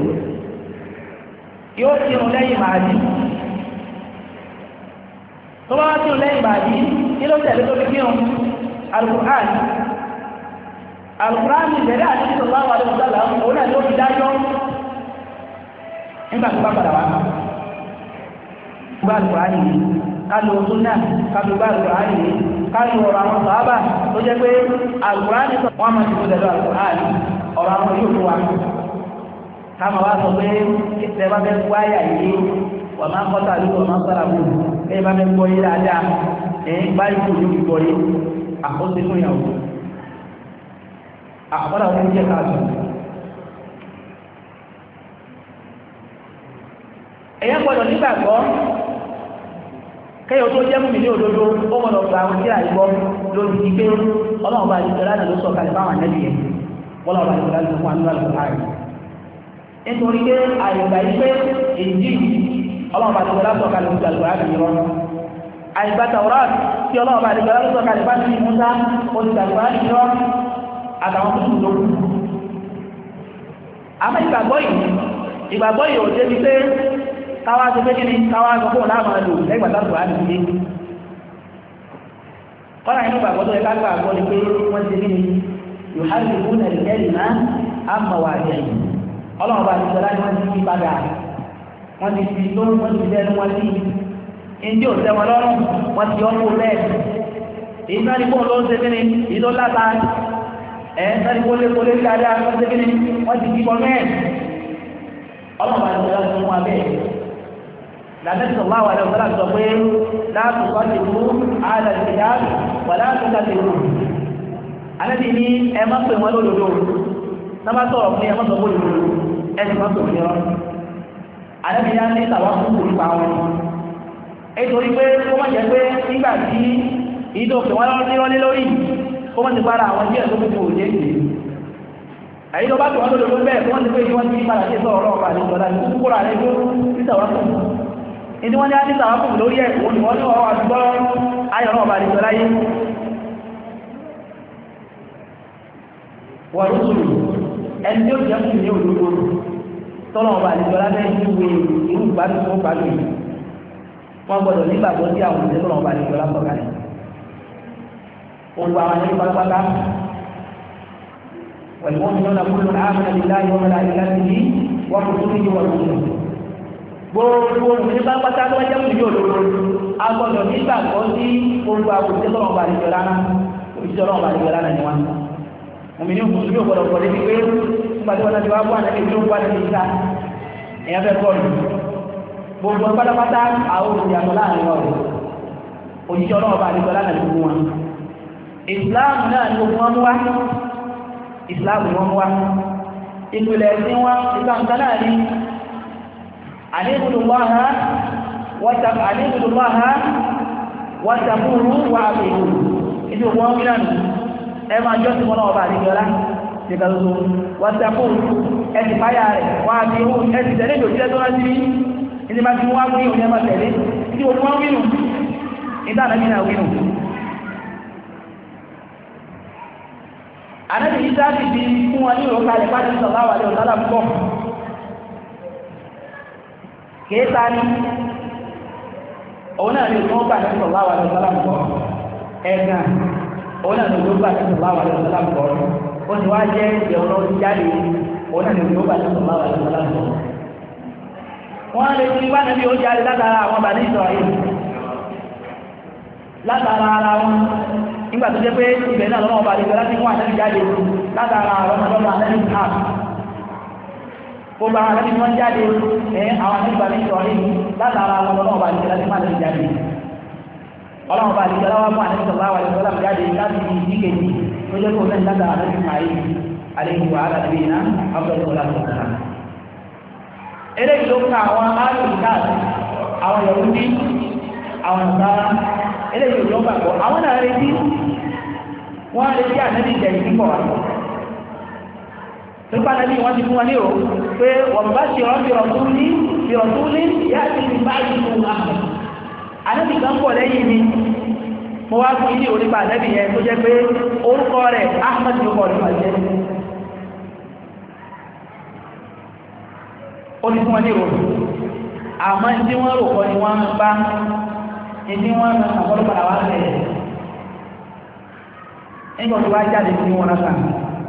yóò kírun lẹ́yìn màájì tó bá wá kírun lẹ́yìn màájì kí ló tẹ̀lé tó fi kírun alùpùránì alùpùránì bẹ̀rẹ̀ àti sallallahu alaihi wasallam òun náà ló fi dájọ́ nígbà kálù súnà kálù bá àlùkùránì yìí kálù ọ̀rọ̀ àwọn sàábà tó jẹ́ pé àlùkùránì sọ wọ́n máa ti kó tẹ̀lé àlùkùránì ọ̀rọ̀ àwọn yóò wá káàmà wá sọ pé kíkẹ́ bá fẹ́ gbọ́ àyà yìí wà máa kọ́ta lóko kẹyọ tó jẹ́ múmi ní òdodo ó gbọ́dọ̀ gba àwọn tíra ìgbọ́ lórí ìgbé ọlọ́run bá ìjọ lánàá ló sọ kalẹ̀ fáwọn ànẹ́bí yẹn bọ́lọ́run bá ìjọ lánàá fún ànúwà lọ́wọ́ ààrẹ nítorí pé àìgbà ìgbé èjì ọlọ́run bá ìjọ lánàá sọ kalẹ̀ fún àlùkò ààrẹ yìí àìgbà tàwọ́rọ́ tí ọlọ́run bá ìjọ lánàá sọ kalẹ̀ fún àlùkò Mùsá olùdàgbà yìí àtàwọn tó tún lókun àmọ́ ìgbàgbọ́ yìí ìgbàgbọ́ yìí ò káwá tó méjì ní káwá tó kó láàmà lò lẹ́gbàtà tó wà nílé kọ́nà inú gbàgbọ́ tó ẹ̀ká gbàgbọ́ ni pé wọ́n ti ní yohane fún ẹ̀rìndẹ́rì náà á mọ̀ wà jẹ́ ọlọ́run bá ti sọ láti wọ́n ti fi padà wọ́n sí ndí ò náà ní kóun ló ni èyí tó láta ẹ̀ náà ní kólé kólé dáadáa wọ́n ti kí ni wọ́n ti fi kọ́ mẹ́ẹ̀ ọlọ́run bá ti bẹ́ẹ̀ lànàbí sọ̀rọ̀ àwọn ẹ̀rọ sọ́lá sọ pé láti sọ́ ti mú àlẹ́ ìyá wà láti sọ́ ti mú. àlẹ́bí ní ẹ má pè wọ́n lódodo náà bá sọ̀rọ̀ pé ẹ má sọ pé lódodo ẹ sì má pè wọ́n lọ. àlẹ́bí yá ní tàwa fún olùpa wọn. nítorí pé kó má jẹ́ pé nígbà tí ìdó pè wọ́n lọ́rọ́ nírọ́lé lórí kó má ti para àwọn díẹ̀ tó fi kò dé èyí ló bá tó wọn lódodo bẹ́ẹ̀ kó wọn ti pé kí wọn ti padà sí sọ ọ̀rọ̀ ọba àti ìjọba ìkúkúrò àlejò títà wá fún un ìdí wọ́n ní á ní tàwákùn lórí ẹ̀ òun ìwọ́n ní ọwọ́ àdúgbọ́ ayọ̀rọ̀ ọba àdìjọ láyé wọ́n tó sùn ẹni tí ó jẹ́ fún ní òdodo tọ́lọ̀ ọba àdìjọ lábẹ́ ìwé irú ìgbádùn tó gbádùn yìí wọ́n gbọ́dọ̀ nígbàgbọ́ sí àwọn òṣèlú ọba àdìjọ lápọ̀kalẹ̀ gbogbo àwọn ẹni pátápátá wọ̀lúwọ́n mi lọ́la kúlù ámì gbogbo nípa pátá tó wájá mú yóò lòrò agbọ́dọ̀ nígbàgbọ́ sí orúkọ àwòrán tó lọ́wọ́ bá àdìjọ lánàá òṣìṣẹ́ lọ́wọ́ bá àdìjọ lánàá ni wọ́n ń mú mi ní òkú yóò gbọ́dọ̀ kọ́ débi pé nígbà tí wọ́n ti wá wà náà èyí ló ń gbádùn níta ẹ̀yà fẹ́ kọ́ lù gbogbo pátápátá àwọn òṣìṣẹ́ ni gbogbo wọn wá ìsìláàmù wọn wá ìpìlẹ̀ ẹ̀sìn wọn ìsàǹkà àníbùdùmáhá wọ́tàbùrú wà àbẹ̀rù ìdí òun wọn gílànù ẹ máa jọ́ sí mọ́nà ọba àdíjọ́lá ìgbàlódò wọ́tàbùrú ẹ ti fáyà rẹ̀ wà àbẹ̀rù ẹ ti tẹ̀lé ìdòjẹ́ tó rántí ní ìdí máa ti wá gbé òun ẹ máa tẹ̀lé ìdí òun wọn gínú ìdáná gínú àwínú àdébìyí sáà ti di fún wọn ní ìrọ̀kalẹ̀ pàdé sọ̀lá wà lẹ́ kéèta ní òun náà ní ìfún ọgbà ní sallallahu alaihi wasallam kọ́ ẹ̀gà òun náà ní ìfún ọgbà ní sallallahu alaihi wasallam kọ́ ó ti wá jẹ́ ìyọ̀rọ̀ jáde òun náà ní ìfún ọgbà ní sallallahu alaihi wasallam kọ́ wọ́n lè fi bá nàbí ó jáde látara àwọn bàní Israel látara ara wọn nígbà tó jẹ́ pé ibẹ̀ náà lọ́wọ́ bàní Israel ti mú àtẹ́bí jáde látara àwọn ọmọdé gbogbo àwọn alábi wọn jáde ẹ àwọn alábìgbà ní sọ̀rọ̀ yìí látara àwọn ọlọ́wọ́ bá nìkẹ́ láti má lè jáde ọlọ́wọ́ bá nìkẹ́ láwọn fún àdéhùn sọ̀rọ̀ àwọn àdéhùn sọ̀rọ̀ jáde láti fi ìdí eléyìí ló ka àwọn alábi káàdì àwọn Yahudi àwọn Nàsárà eléyìí ló gbàgbọ́ náà nípa nàbí wọ́n ti fún wa ní o pé wọ́n bá ṣe ọ́ bìrọ̀ tún ní bìrọ̀ tún ní yá ti fi bá yìí fún wa. ànábì kan pọ̀ lẹ́yìn mi mo wá fún ilé onípa ànábì yẹn tó jẹ́ pé orúkọ rẹ̀ Ahmad ló kọ̀ nípa jẹ́ ó ti fún wa ní o àmọ́ tí wọ́n rò kọ́ ni wọ́n bá ẹni wọ́n ń sàkọ́lọ́pàá wá rẹ̀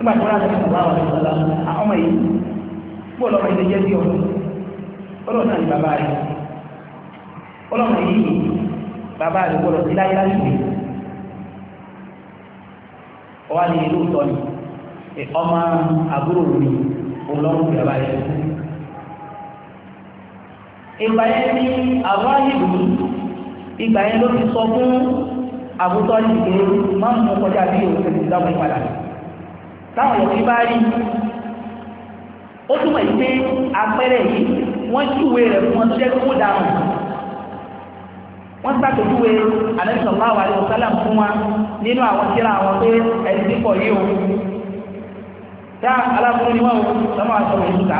nígbà tó rà lẹ́yìn bàbá àwọn ìṣọ̀lá àwọn ọmọ yìí pọ̀ lọ́mọ ilé jẹ́ sí ọ ọlọ́run náà ni bàbá rẹ̀ ọlọ́run yìí bàbá rẹ̀ gbọ́dọ̀ sí láyé láti gbé ọwá ní ìlú ìtọ́ ni ọmọ àbúrò mi ọlọ́run bàbá rẹ̀ ìgbà yẹn ní àwọn àyèlú ìgbà yẹn ló ti sọ fún àbútọ́ ìgbé máa ń mú kọjá bí òun ti dáwọn ìpadà táwọn òbí bá rí ó túnmọ̀ yìí pé apẹ́rẹ́ yìí wọ́n júwe rẹ̀ fún wọn jẹ́ kókó dàrùn wọ́n sàtòjúwe àlẹ́sọ̀lá wà lẹ́wọ̀ sálà fún wa nínú àwọn tíra àwọn pé ẹni tí pọ̀ yìí o tá aláburú ni wọ́n sọmọ àṣọwò ìṣúta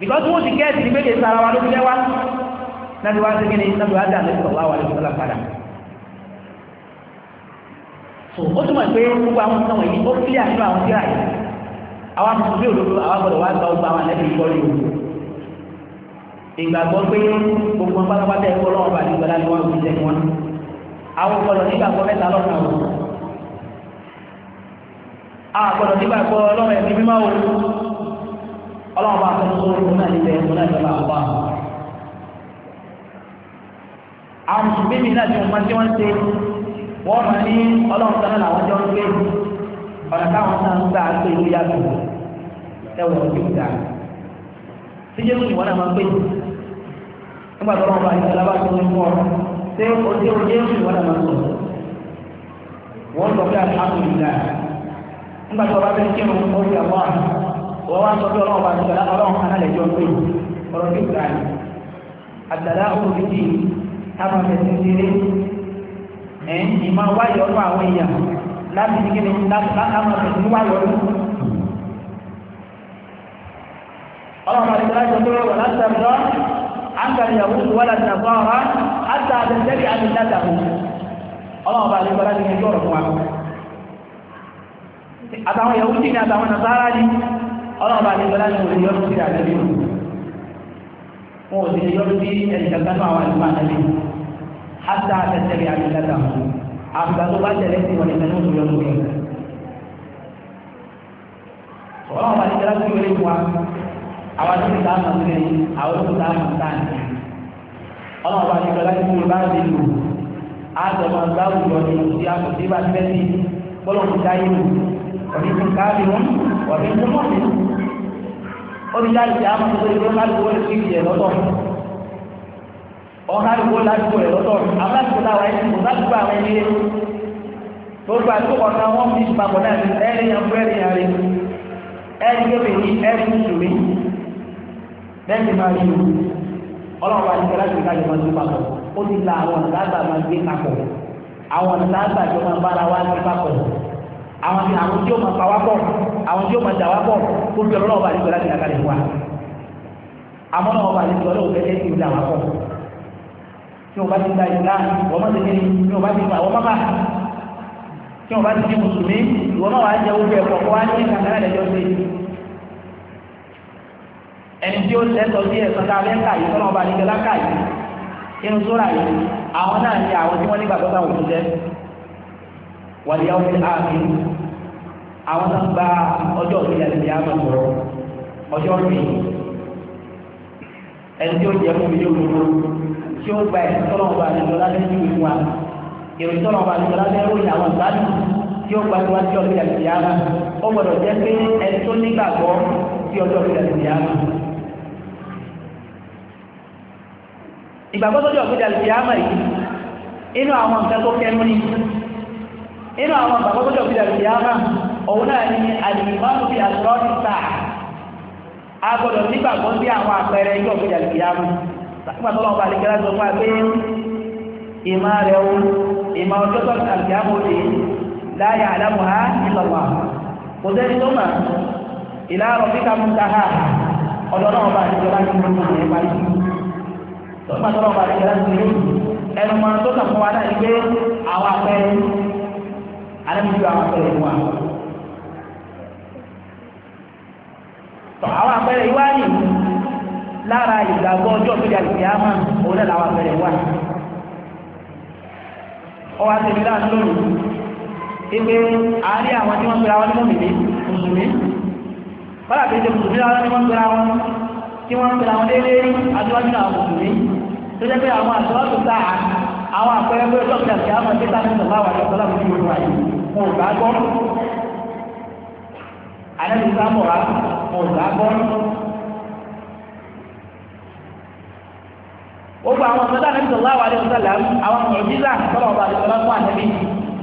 because wọ́n ti kẹ́ẹ̀sì ní méje sára wa ló fi lẹ́wà náà ti wá sí kí ni náà ti wá dà lẹ́sọ̀lá wà lẹ́wọ̀ sálà padà ó túnmọ̀ pé gbogbo àwọn nǹkan wọ̀nyí ó kílẹ̀ àti àwọn tíra yìí àwọn mùsùlùmí òdodo àwọn gbọdọ̀ wá gba ọgbà àwọn ẹlẹ́bí ìkọ́lé o ìgbàgbọ́ pé gbogbo wọn pátápátá ẹ̀kọ́ lọ́wọ́ bá ní gbọ́dá ni wọ́n fi jẹ́ wọn àwọn gbọdọ̀ nígbàgbọ́ mẹ́ta lọ́nà o àwọn gbọdọ̀ nígbàgbọ́ ọlọ́run ẹ̀mí mímọ́ o ọlọ́run bá fẹ́ sọ òun náà níbẹ̀ òun náà jọba àwọn àwọn mùsùlùmí náà ti mọ̀ tí wọ́n ń ṣe wọ́n máa ní ọlọ́run sáná làwọn jọ ń gbé ọ̀nà táwọn sáà ń gbà pé ìlú yàtọ̀ ẹwọ̀ ọjọ́ ìdá tí jésù ìwọ́n náà máa pè nígbà tó lọ́wọ́ bá ìṣẹ́ lábá tó ń fọ́ ṣé o ṣe o jésù ìwọ́n náà máa sọ wọ́n sọ pé àlùmíà nígbà tó o bá fẹ́ kí ẹnu ó yà wá wọ́n wá sọ pé ọlọ́run bá ìṣẹ́ lábá ọlọ́run kan náà lè jọ pé ọ̀rọ̀ ìdá àdàlá ẹ̀ ìmọ̀ wáyọ̀ ọ̀rọ̀ àwọn èèyàn láti ní kíni láwọn ọ̀rọ̀ níwáyọ̀ ọ̀rọ̀ ọlọ́run àti ìdájọ́ tó rọrùn láti ṣàbùdọ́ àǹkàrí ìyàwó wọ́n láti ṣàbùdọ́ ọ̀rọ̀ àti àtẹ̀sẹ́bí àti ìdájọ́ ọlọ́run àti ìdájọ́ tó rọrùn fún wa àtàwọn ìyàwó tí ní àtàwọn nàzárá ní ọlọ́run àti ìdájọ́ tó rọrùn sí àjẹ́bí wọn ò sì yọ́ sí ẹ̀yìn kàtàkùn àwọn àjùmọ̀ àjẹ́bí hata tẹ̀sẹ̀rẹ̀ àmìlẹ́ta àgbà tó bá tẹ̀lé sí wọn ìfẹ́ lóṣù yọ lórí ẹ̀. ọlọ́run bá ti tẹ́lá sí orí wa àwọn tó ti ta àmà sí ẹni àwọn tó ta àmà sáà ní. ọlọ́run bá ti tẹ́lá sí orí bá ti lò àtọ̀ máa gbá òjò ní òsì àkùsí bá ti fẹ́ sí bọ́lọ̀ ti dá yìí òní fún káàbì wọn òní fún mọ́ọ̀lì. ó ti dá ìjà àmà tó tó ìgbé ọ̀hán àdúgbò ládùúgbò rẹ̀ lọ́tọ̀ àbúrádùúgbò láwa ẹni kò ládùúgbò àwọn ẹni rẹ̀ lórúkọ àdúgbò ọ̀nà wọn fi ìpapọ̀ náà ní ẹni yan fún ẹni yan rẹ̀ ẹni gbé mi ní ẹni sùnmí lẹ́yìn máa yí ọlọ́run wa ní kẹlá ti ká ìjọba tó papọ̀ ó ti la àwọn ọ̀nà àgbà máa gbé papọ̀ àwọn ọ̀nà àgbà tó máa bára wa gbé papọ̀ àwọn tí àwọn tí ó máa pa wá pọ̀ àwọn tí ó máa dà wá pọ̀ kó fi ọlọ́run wa ní kẹlá ti ká ìjọba àmọ́ náà wọ́n ní ìjọba òkè ẹ̀sìn ìdá pọ̀ tí wọ́n bá ti gba ìlà wọ́n má ti ní tí wọ́n bá ti gbà wọ́n má bà tí wọ́n bá ti di mùsùlùmí ìwọ́n náà wàá jẹ oúnjẹ ẹ̀kọ́ wá ní kàkàrà lẹ́jọ́ sí ẹni tí ó lẹ́tọ̀ sí ẹ̀sán tá a fẹ́ kà yìí tọ́nà ọba ní kẹlá kà yìí inú sóra yìí àwọn náà ní àwọn tí wọ́n ní gbàgbọ́ táwọn òṣìṣẹ́ wàlíyá òfin ààfin àwọn náà gba ọjọ́ òṣìṣẹ́ àti ìyá àmọ́ ọjọ́ òṣìṣẹ́ tí ó gba ẹ̀sìn tọ́lọ̀ ọba àdìgbò lábẹ́ ní ìlú wa èrò tọ́lọ̀ ọba àdìgbò lábẹ́ ròyìn àwọn ìbádùn tí ó gba tí wọ́n ti ọ̀gbìn àti yàrá ó gbọ́dọ̀ jẹ́ pé ẹni tó nígbàgbọ́ tí ọjọ́ ọ̀gbìn àti yàrá. ìgbàgbọ́ tó jẹ́ ọ̀gbìn àti yàrá yìí inú àwọn nǹkan tó kẹ́nu ni inú àwọn ìgbàgbọ́ tó jẹ́ ọ̀gbìn àti yàrá òun náà ni àdìmọ́nù fi àtúrọ́ ti sà á gbọ́dọ̀ nígbàgbọ́ sí àwọn àpẹẹrẹ ìjọ́ ọ̀gbìn àti yàrá nígbà tó lọ́wọ́ balẹ̀ kẹ́lá sọ fún wa pé ìmá rẹ̀ o ìmá ọjọ́ tó àti àmọ́ òde láyà àdámọ́ ha ìlọ̀wà kò sẹ́ni tó mà ìlà rabbika muntaha ọ̀dọ́ náà bá àti ìjọba ní gbogbo ẹ̀ parí tó nígbà tó lọ́wọ́ balẹ̀ kẹ́lá sọ fún ẹnu mọ́ tó kà fún wa náà ni pé àwọn àpẹẹrẹ alẹ́mìtì àwọn àpẹẹrẹ wa. àwọn àpẹẹrẹ yìí lára ìgbàgbọ́ ọjọ́ tó yàtọ̀ yà máa òun náà làwọn abẹ́rẹ́ wà. ọwọ́ àti ìlú láti lónìí ipe àárín àwọn tí wọ́n pera wọn ní mọ̀mìnì mùsùlùmí fọ́lá pé ṣe mùsùlùmí lára ní wọ́n pera wọn tí wọ́n pera wọn délé adúlájú náà mùsùlùmí tó jẹ́ pé àwọn àtọ́lọ́tò sáà àwọn àpẹẹrẹ pé ọjọ́ tó yàtọ̀ yà máa tẹ́tà ní sọ̀lá wà lọ́sọ̀lá fún ìlú wa yìí wọn ò bá gbọ́ gbogbo àwọn ọmọdé àti sallallahu alaihi wasallam àwọn mọ̀jíṣà tọ́lọ̀ ọba àti ọlá fún àtẹ́bí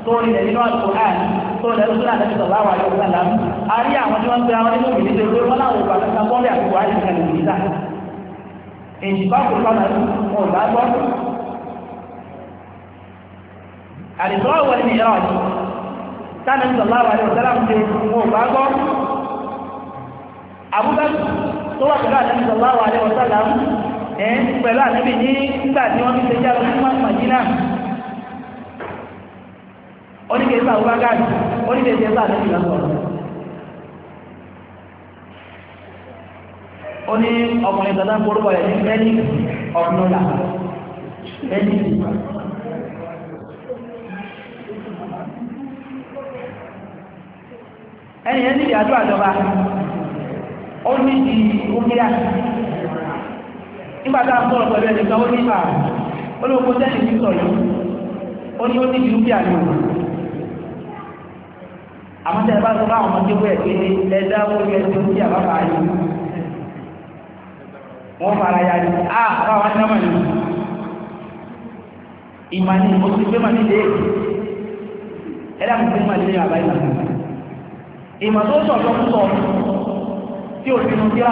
tó rí lẹ̀ nínú Al-Qur'an tó lẹ̀ lọ́sọ́lá àti sallallahu alaihi wasallam a rí àwọn tí wọ́n pe àwọn nínú òbí pé wọ́n láwọn òkú àtẹ́sà bọ́ọ̀lì àkókò àti ìkàlẹ̀ mọ̀jíṣà èyí bá kò sọ́nà wọn bá gbọ́ àdìsọ́ wọlé ní ìrọ̀ tánà ní sallallahu alaihi wà pẹ̀lú àtẹ́sà sallallahu alaihi wasallam ẹ̀ pẹ̀lú ànábì ní nígbà tí wọ́n fi ṣe jáde ní mọ́tìmọ̀jìnà oníkèésà wákàtí oníkèésà ànábì lọ́sọ̀rọ̀ ó ní ọkùnrin tọ́lá ń porúkọ rẹ̀ ní mẹ́lì ọ̀pọ̀lọ́lá mẹ́lì ẹni ẹni ìyàjọ́ àjọba ó ní ìdí nígbà tá a sọ̀rọ̀ pẹ̀lú ẹnìkan ó ní bàá ó ní oko tẹ́lẹ̀ ní sọ̀rọ̀ ó ní ó ní ìlú bí àná àmọ́ tẹ́lẹ̀ bá sọ fún àwọn ọmọdé wẹ̀ pé ẹ̀dá orí ẹni tó ń bí àbábà yìí wọ́n fara ya ni a báwọn ní ọmọ yìí ìmọ̀ ni mo ti gbé màmí lé ẹ̀dá tí ò sínú kíra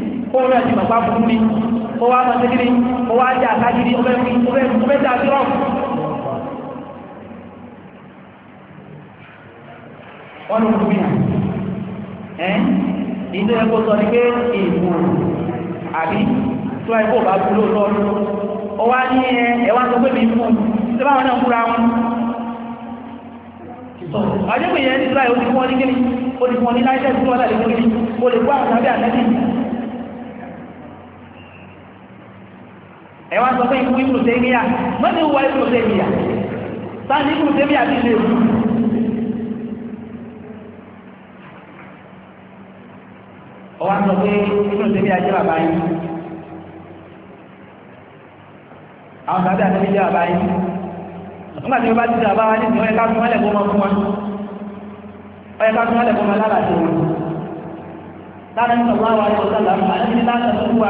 kó o náà ti mọ̀ pápá fún mi kó wá wa síkiri kó wá jẹ́ àkájírí ọbẹ̀ fi ọbẹ̀ ọbẹ̀ dà sí ọ̀pù. wọ́n ló kú bíyà ẹ́ ìdí ẹ̀kọ́ sọ ni pé èèwò àbí tó ẹ̀kọ́ bá kú lóòótọ́ ọ wá ní ẹ̀wá sọ pé mi fún tí báwọn náà kúra wọn àjẹ́pẹ̀yẹ ní ìsirayẹ̀ ó ti fún ọ ní kíni ọ ẹwà sọ pé ikú ibùdó tẹ́míyà mọ́ni wà ibùdó tẹ́míyà sáàni ibùdó tẹ́míyà ti lè rú ọwà sọ pé ibùdó tẹ́míyà jẹ́ bàbá yìí àwọn tàbí àti ilé bàbá yìí nígbà tí ó bá ti dà bá wá ní ìwọ̀n ẹ̀ká fún ẹlẹ́gbọ́n ọmọ fún wa ọ̀yẹ̀ká fún ẹlẹ́gbọ́n ọmọ lálàtí wọn láàrín sọ̀rọ̀ àwọn àwọn ọ̀sán làwọn àti ní láti ọ̀sán fún wa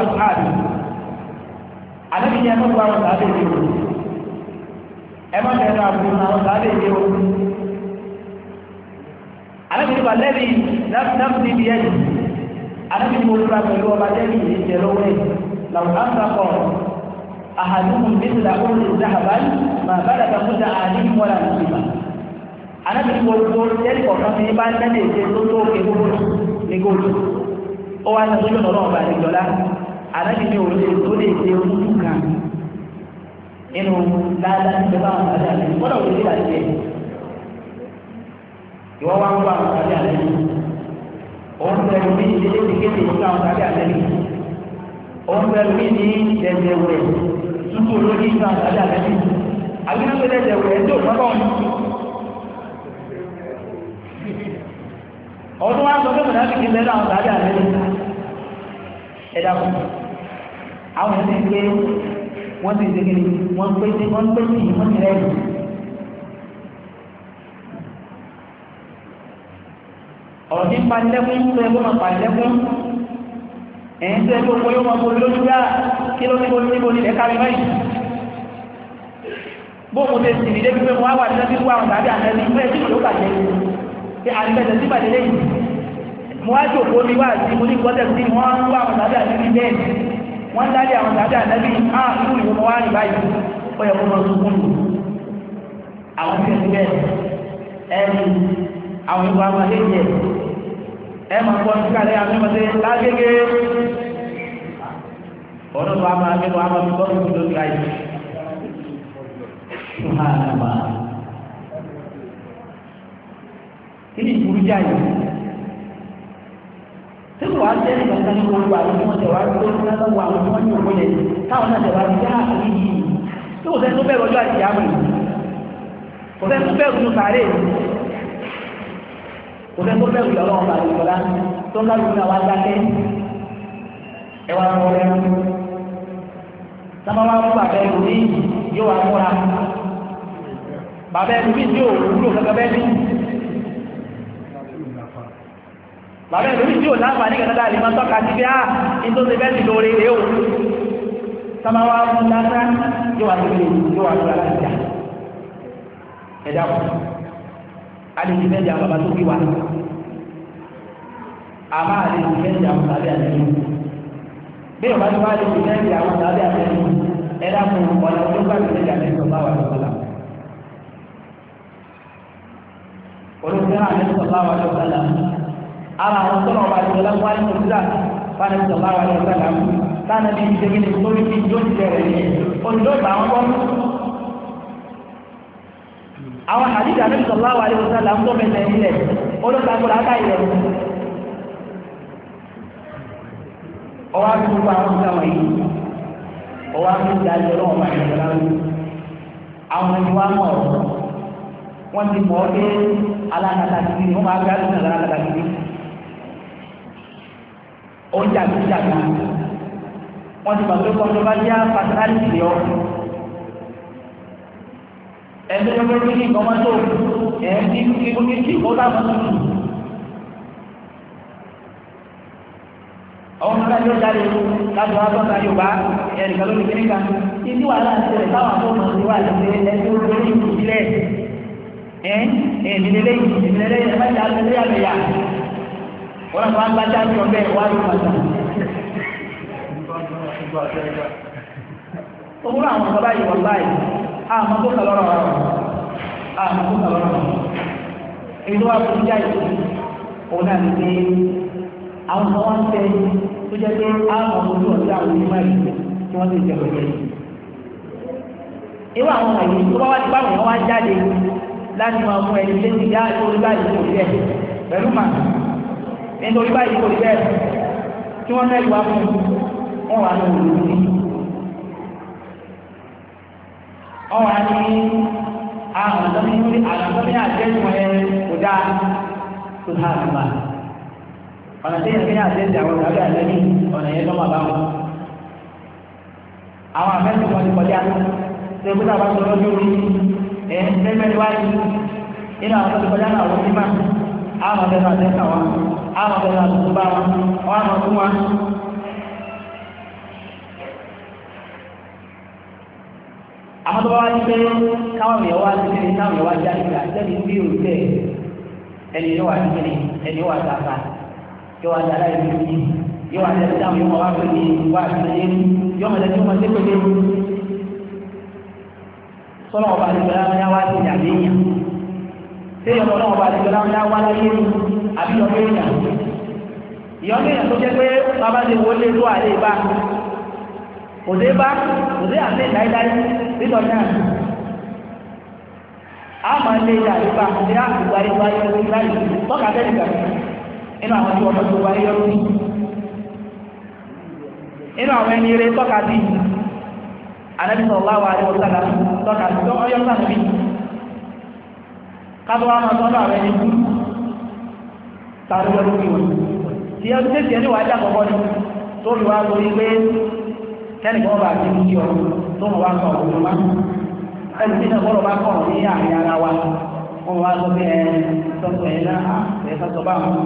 àlẹ́bí ni ẹmọ́ gba ọ̀sán àbẹ̀ ìdí òun ẹmọ́ tẹ̀lé àbúrò náà ọ̀sán àbẹ̀ ìdí òun àlẹ́bí ni balẹ́bí dáfídáfí bí ẹ̀jì àlẹ́bí ni mo lura pẹ̀lú ọba jẹ́bi ìjẹ lọ́wọ́ ẹ̀ làwọn àǹsàkọ̀ àhàdùkùn bí ìlà òun ìdá àbáyé mà bá dàgbà fún ìdá àdé ìmọ̀lá nìgbà àlẹ́bí ni mo lura jẹ́bi kọ̀ọ̀kan ní bá ń tẹ́lẹ̀ ìjẹ tó tó òkè gbogbo ní gbogbo ó wá ní àdájì ní òun tó lè ṣe ojú kan nínú dáadáa ti bá àwọn àdájì àlẹ́ gbọ́dọ̀ wọ́n ti dàjẹ́ ìwọ́n wá ń bá àwọn àdájì àlẹ́ òun bẹ̀rù mí ní ilé ìkéde ìfún àwọn àdájì àlẹ́ mi òun bẹ̀rù mí ní ẹ̀dẹ̀wẹ̀ tútù lórí ìfún àwọn àdájì àlẹ́ mi àbínú pé ẹ̀dẹ̀wẹ̀ ẹ̀dẹ̀ òpapọ̀ ọdún wa sọ pé mọ̀nà fi kí n bẹ́ẹ̀ náà àwọn àdájì àlẹ́ mi ẹ̀dá kùn àwọn ẹni pé wọ́n ti ṣe kíni wọ́n pé tí wọ́n pé tí wọ́n ti rẹ́ẹ̀dù. ọ̀rọ̀ tí ń pa lẹ́kún tó ẹgbẹ́ máa pa lẹ́kún ẹ̀yìn tó ẹgbẹ́ òkú yóò máa bó lójú dá kí ló níbo níbo nílẹ̀ kárí báyìí. bóòmù ti sì nílé pípé wọn á wà nílẹ̀ pípé àwọn tàbí àtẹ́lẹ́ ìgbẹ́ tí kò ló bàjẹ́ tí àtẹ́lẹ́ tí bàjẹ́ lẹ́yìn mo wá jòkó mi wá sí mo ní kọ́tẹ̀ sí wọn á ń wá àwọn tàbí àtẹ́lẹ́ wọ́n dárí àwọn a ànábì ààrùn ah, ìwọ̀n wá rí báyìí ó yẹ kó mọ́ sókún àwọn tí ẹ̀sìn bẹ́ẹ̀ ẹ̀rù àwọn ẹ máa kọ́ àwọn lágbègbè tó àmà àmà mi tí wàá jẹ́ nígbà tí wọ́n wà ní wọ́n tẹ̀ wá tó ní wọ́n wà ní wọ́n yóò wọlé táwọn náà tẹ̀ wá ní yáà ní yìí tí kò sẹ́ni tó bẹ̀rù ọjọ́ àti ìyáàmù kò sẹ́ni tó bẹ̀rù sàárè kò sẹ́ni tó bẹ̀rù ìyọ̀lọ́ ọ̀gbà ìkọ̀lá tó ń lágbo náà wá dákẹ́ ẹ wá lọ rẹ sábà wá fún bàbá ẹ̀rù ní yóò wá múra bàbá ẹ̀rù bí yóò wúlò gẹ́gẹ́ bẹ́ẹ̀ bàbá ìlúrí tí ò láàbà ní kẹta dáàlì máa tọ́ka sí bí á in tó ṣe bẹ́ẹ̀ ti lóore rẹ̀ o sọmọwá fún lásán yóò wà lórí yóò wà lórí aláìjà ẹ̀dá kù alèjì fẹ́ jà bàbá tó kí wa àmà alèjì fẹ́ jà àwọn tàbí àtẹnu bí ìwà tó wà alèjì fẹ́ jà àwọn tàbí àtẹnu ẹ̀dá kù ọ̀nà tó bá ti fẹ́ jà ní sọ̀tà wà lọ́sọ̀lá olùfẹ́ àlẹ́ sọ̀tà wà lọ́sọ̀lá ara àwọn tọ́nà ọba ìjọba wá ní òṣìṣà fáwọn ẹ̀sìn ọba wa ní ọ̀sán náà táwọn ẹni ti dégbé ní lórí ti yóò ti rẹ̀ ní òṣìṣà ìgbà wọn kọ́. àwọn àdìsí àdìsí ọba wa ní ọ̀sán náà ń tó mẹ́tẹ̀ nílẹ̀ olóògbàgbọ́dá ká ìrẹ̀ ọwọ́ àti gbogbo àwọn ọ̀sán wọ̀nyí ọwọ́ àti ìdájọ́ náà wọ́n ti mọ̀ ọ́ pé alákatá gidi wọ́n máa gbé àdúgbò alákatá gidi ó ń jà lójà kan wọ́n ti pàṣẹ kọ́ tó bá jẹ́ pàtàkì lè ọ́ ẹgbẹ́ tó bẹ́ẹ̀ ní nǹkan máa tó ẹ̀ ní kíkó ní tí ó dà fún un. àwọn ọmọdé yóò jáde láti wá tọ́ta yorùbá ẹ̀ríkà lórí kíníkà títí wàhálà ń ṣẹlẹ̀ táwọn àbọ̀ ọmọ ìwà àti ẹgbẹ́ olórí ìbílẹ̀ ẹ̀ ẹ̀ ìdílé lẹ́yìn ìdílé lẹ́yìn ẹ̀ wọ́n àwọn agbájá ní ọ̀bẹ́ ìwádìí pàtà òun àwọn ọ̀gá báyìí wọ́n báyìí àmọ́ tó kà lọ́rọ̀ ọ̀rọ̀ àmọ́ tó kà lọ́rọ̀ ọ̀rọ̀ èyí tó wà fún ìjà ìlú òun náà ní pé àwọn ọmọ wọn tẹ tó jẹ́ pé àwọn ọmọ ojú ọ̀sẹ̀ àwọn onímọ̀ ìlú tí wọ́n ti jẹ pẹ̀lú irú àwọn ọmọ yìí tó bá wá ti bá àwọn ọmọ wá jáde láti máa mú ẹni lé nítorí báyìí kò rí bẹ́ẹ̀ tí wọ́n mẹ́rin wá fún wọn wà ní òwúrò ní ah, wọn wà ní àwọn ọ̀dọ́mí ní àlàkọ́mí àjẹ́sùn ẹ kò dáa tó ha àgbà ọ̀nà tí yẹn fi ní àjẹ́sùn àwọn ọ̀dọ́mí àjẹ́sùn ọ̀nà yẹn lọ́mọ bá wọn àwọn àfẹ́sùn wọn ti kọjá tó ẹgbẹ́ tàbá sọ lọ́jọ́ orí ẹ̀ mẹ́mẹ́rin wáyé nínú àwọn tó ti kọjá náà wọ́n ti máa àwọn ọ̀dọ́mí àjẹ́sùn àwọn àwọn ọ̀dọ́dà tó bá wọn wọ́n á mọ̀ fún wa àwọn tó bá wá ní pé káwọn èèyàn wá sí ní káwọn èèyàn wá jáde gbà jáde bí òun tẹ̀ ẹni yóò wá sí ní ẹni yóò wá tààtà yóò wá dára ẹni yóò yí yóò wá tẹ̀lé táwọn yóò wá pè ní wá sí ní yóò mọ̀ lẹ́tí wọn tẹ́kọ̀ọ́ dé sọ́nà ọba àdìgbẹ́lá wọn yá wá sí ìyàgbé yàn sí ọ̀nà ọba àdìgbẹ́lá wọn yá wá láyé àbí ọmọ èèyàn ìyọ́nú èèyàn tó jẹ́ pé bàbá ti wo lé ló àlè bá òde bá òde àti ìdáidáí nítorí náà a máa lé ilé ahụ. bá òde àkùgbà ìwà ahụ ìwà tọ́ka tẹ́lẹ̀ inú àwọn tí tó wáyé yọrù inú àwọn ẹni eré tọ́ka sí láwà tọ́ka sí tọ́ ọyọ́ kábọ̀ tààrà lọ́dún bí wọn tí ó ṣe ṣe níwájú àkọ́kọ́ ni tó fi wá lórí pé kẹ́nìkan bá ti ní ọ tó mọ̀ wá kọ̀ ọ̀rọ̀ má ẹni tí náà bọ́lọ̀ bá kọ̀ ní àárín ara wa wọ́n wá lọ bí ẹni tọ́tọ̀ ẹ̀ náà ẹ̀ tọ́tọ̀ bá wọn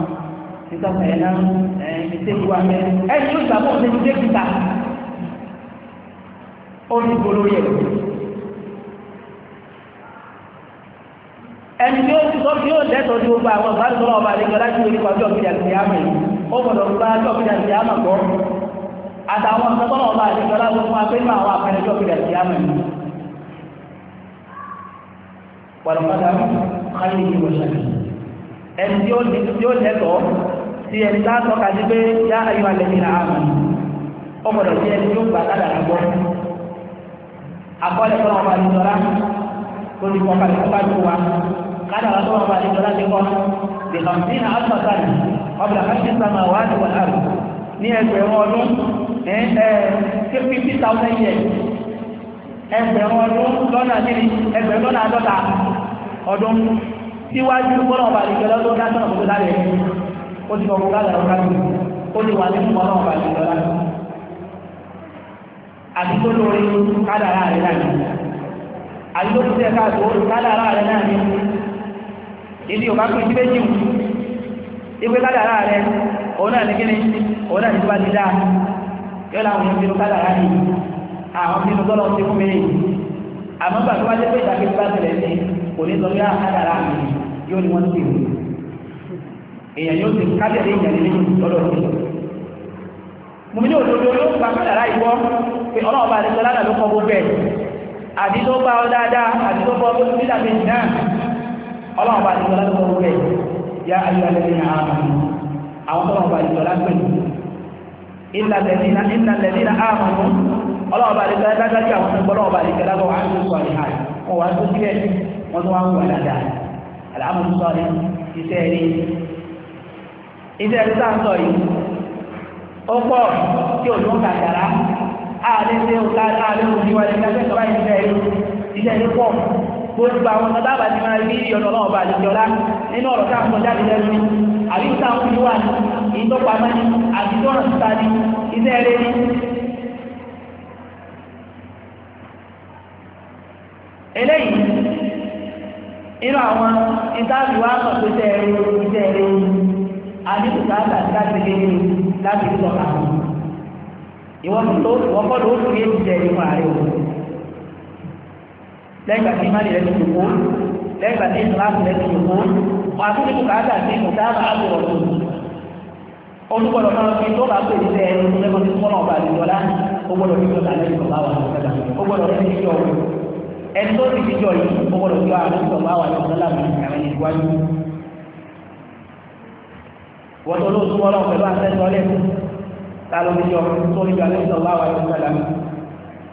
ẹni tí ó ti sọ tí ó lẹ́tọ̀ọ́ ní gbogbo àwọn ìbánisọ̀rọ̀ ọba àlejò láti orí pàbí ọ̀gbìn àti ìyá mẹ́rin ó gbọ́dọ̀ gba ọ̀gbìn àti ìyá mọ̀ gbọ́ àtàwọn ìsọ̀tọ̀rọ̀ ọba àlejò láti fún apẹ́nu àwọn apẹ́nẹjọ́ ọ̀gbìn àti ìyá mẹ́rin. pọ̀lọ́pọ̀lọ́ káyé ní ìwòsàn ẹni tí ó lẹ́tọ̀ọ́ ti ẹni látọ̀ kàdí pé yá ayọ̀ àlejò náà ó gbọ́dọ̀ jẹ́ ẹni tí ó gbà kádàrà gbọ́ àkọọ́lẹ̀ fọlọ́ ọba àlejò lá kádà wà tọ́wọ́ bá nígbà láti kọ́ lè kàn sí ní àtúntàn ọ̀bùdà káṣí sàmà wà ní wà láàrú ní ẹgbẹ̀rún ọdún fifty thousand years ẹgbẹ̀rún ọdún lọ́nà níbi ẹgbẹ̀rún lọ́nà àádọ́ta ọdún síwájú kọ́nà bá nígbà lọ́dún dáṣọ́ ọ̀bùdà láàrẹ̀ ó ti kọ́ kádà wà láàrú ó ti wà nínú kọ́nà bá nígbà láàrú àti tó lórí kádà láàrẹ̀ náà ni àti ìdí òbá pín sí méjì wù ìpé kádàrá rẹ òun náà ní kíni òun náà ní tó bá ti dáa yóò láwọn èèyàn kádàrá yìí àwọn bínú tọ́lọ́ ti fún mi àmọ́ gbà tó bá jẹ́ pé ìdákejì bá tẹ̀lẹ̀ sí kò ní sọ yá kádàrá mi yóò ní wọ́n ti wù èèyàn yóò ti kábẹ̀rẹ̀ èèyàn ní lọ́dọ̀ sí mo ní òdodo yóò gba kádàrá ìwọ́ pé ọlọ́ọ̀bá àti ló kọ gbogbo ẹ̀ àti bá ọ dáadáa àti bọ́ nílànà ọlọ́run bá ìjọba ló wọ́n bẹ̀ yá ayé alẹ́ ní àmàlú àwọn tọ́lọ́run bá ìjọba pẹ̀lú ìlàlẹ́dínà ìlàlẹ́dínà àmàlú ọlọ́run bá ìjọba dájájú àwọn tó gbọ́dọ̀ bá ìjọba bọ̀ wá ní sọ̀rọ̀ ìhà wọn wá tó sílẹ̀ wọn tó wá ń wà dáadáa àlàmàlú sọ̀rọ̀ iṣẹ́ rí iṣẹ́ rí sáńsọ̀ yìí ó pọ̀ tí ò ló ń kàkàrà àlẹ́ ṣe ń ká àlẹ́ òní wáyé ká gbogbo àwọn ọmọ tábà ti máa rí ọ̀nà ọlọ́wọ́ bá àdìjọ lá nínú ọ̀rọ̀ tá à sọ jáde lẹ́nu ni àbí ni àti tó iṣẹ́ eré eléyìí àwọn ìtàbí wa pé iṣẹ́ eré lé ní lẹ́gbà tí má nílẹ̀ ti kó lẹ́gbà tí ìsìláàmù rẹ̀ ti kó wà tó nípa káàdà sí ìmùtáàbà àbúrò tó olùgbọ́dọ̀ máa fi tó bá pè nílẹ̀ ẹni tó lẹ́gbọ́n tí wọ́n náà bá lè lọ́lá ó gbọ́dọ̀ fi jọta lẹ́yìn tó bá wà lọ́sẹ̀lá ó gbọ́dọ̀ fi jọ ẹni tó ti jọ yìí ó gbọ́dọ̀ jọ àwọn tó bá wà lọ́sẹ̀lá mi àwọn ẹni wájú wọ́n tó lóòótọ́ wọn náà pẹ̀lú àtẹ́sọ́lẹ̀ ta ló ń jọ tó ń jọ àlẹ́ tó bá wà lọ́sẹ̀lá mi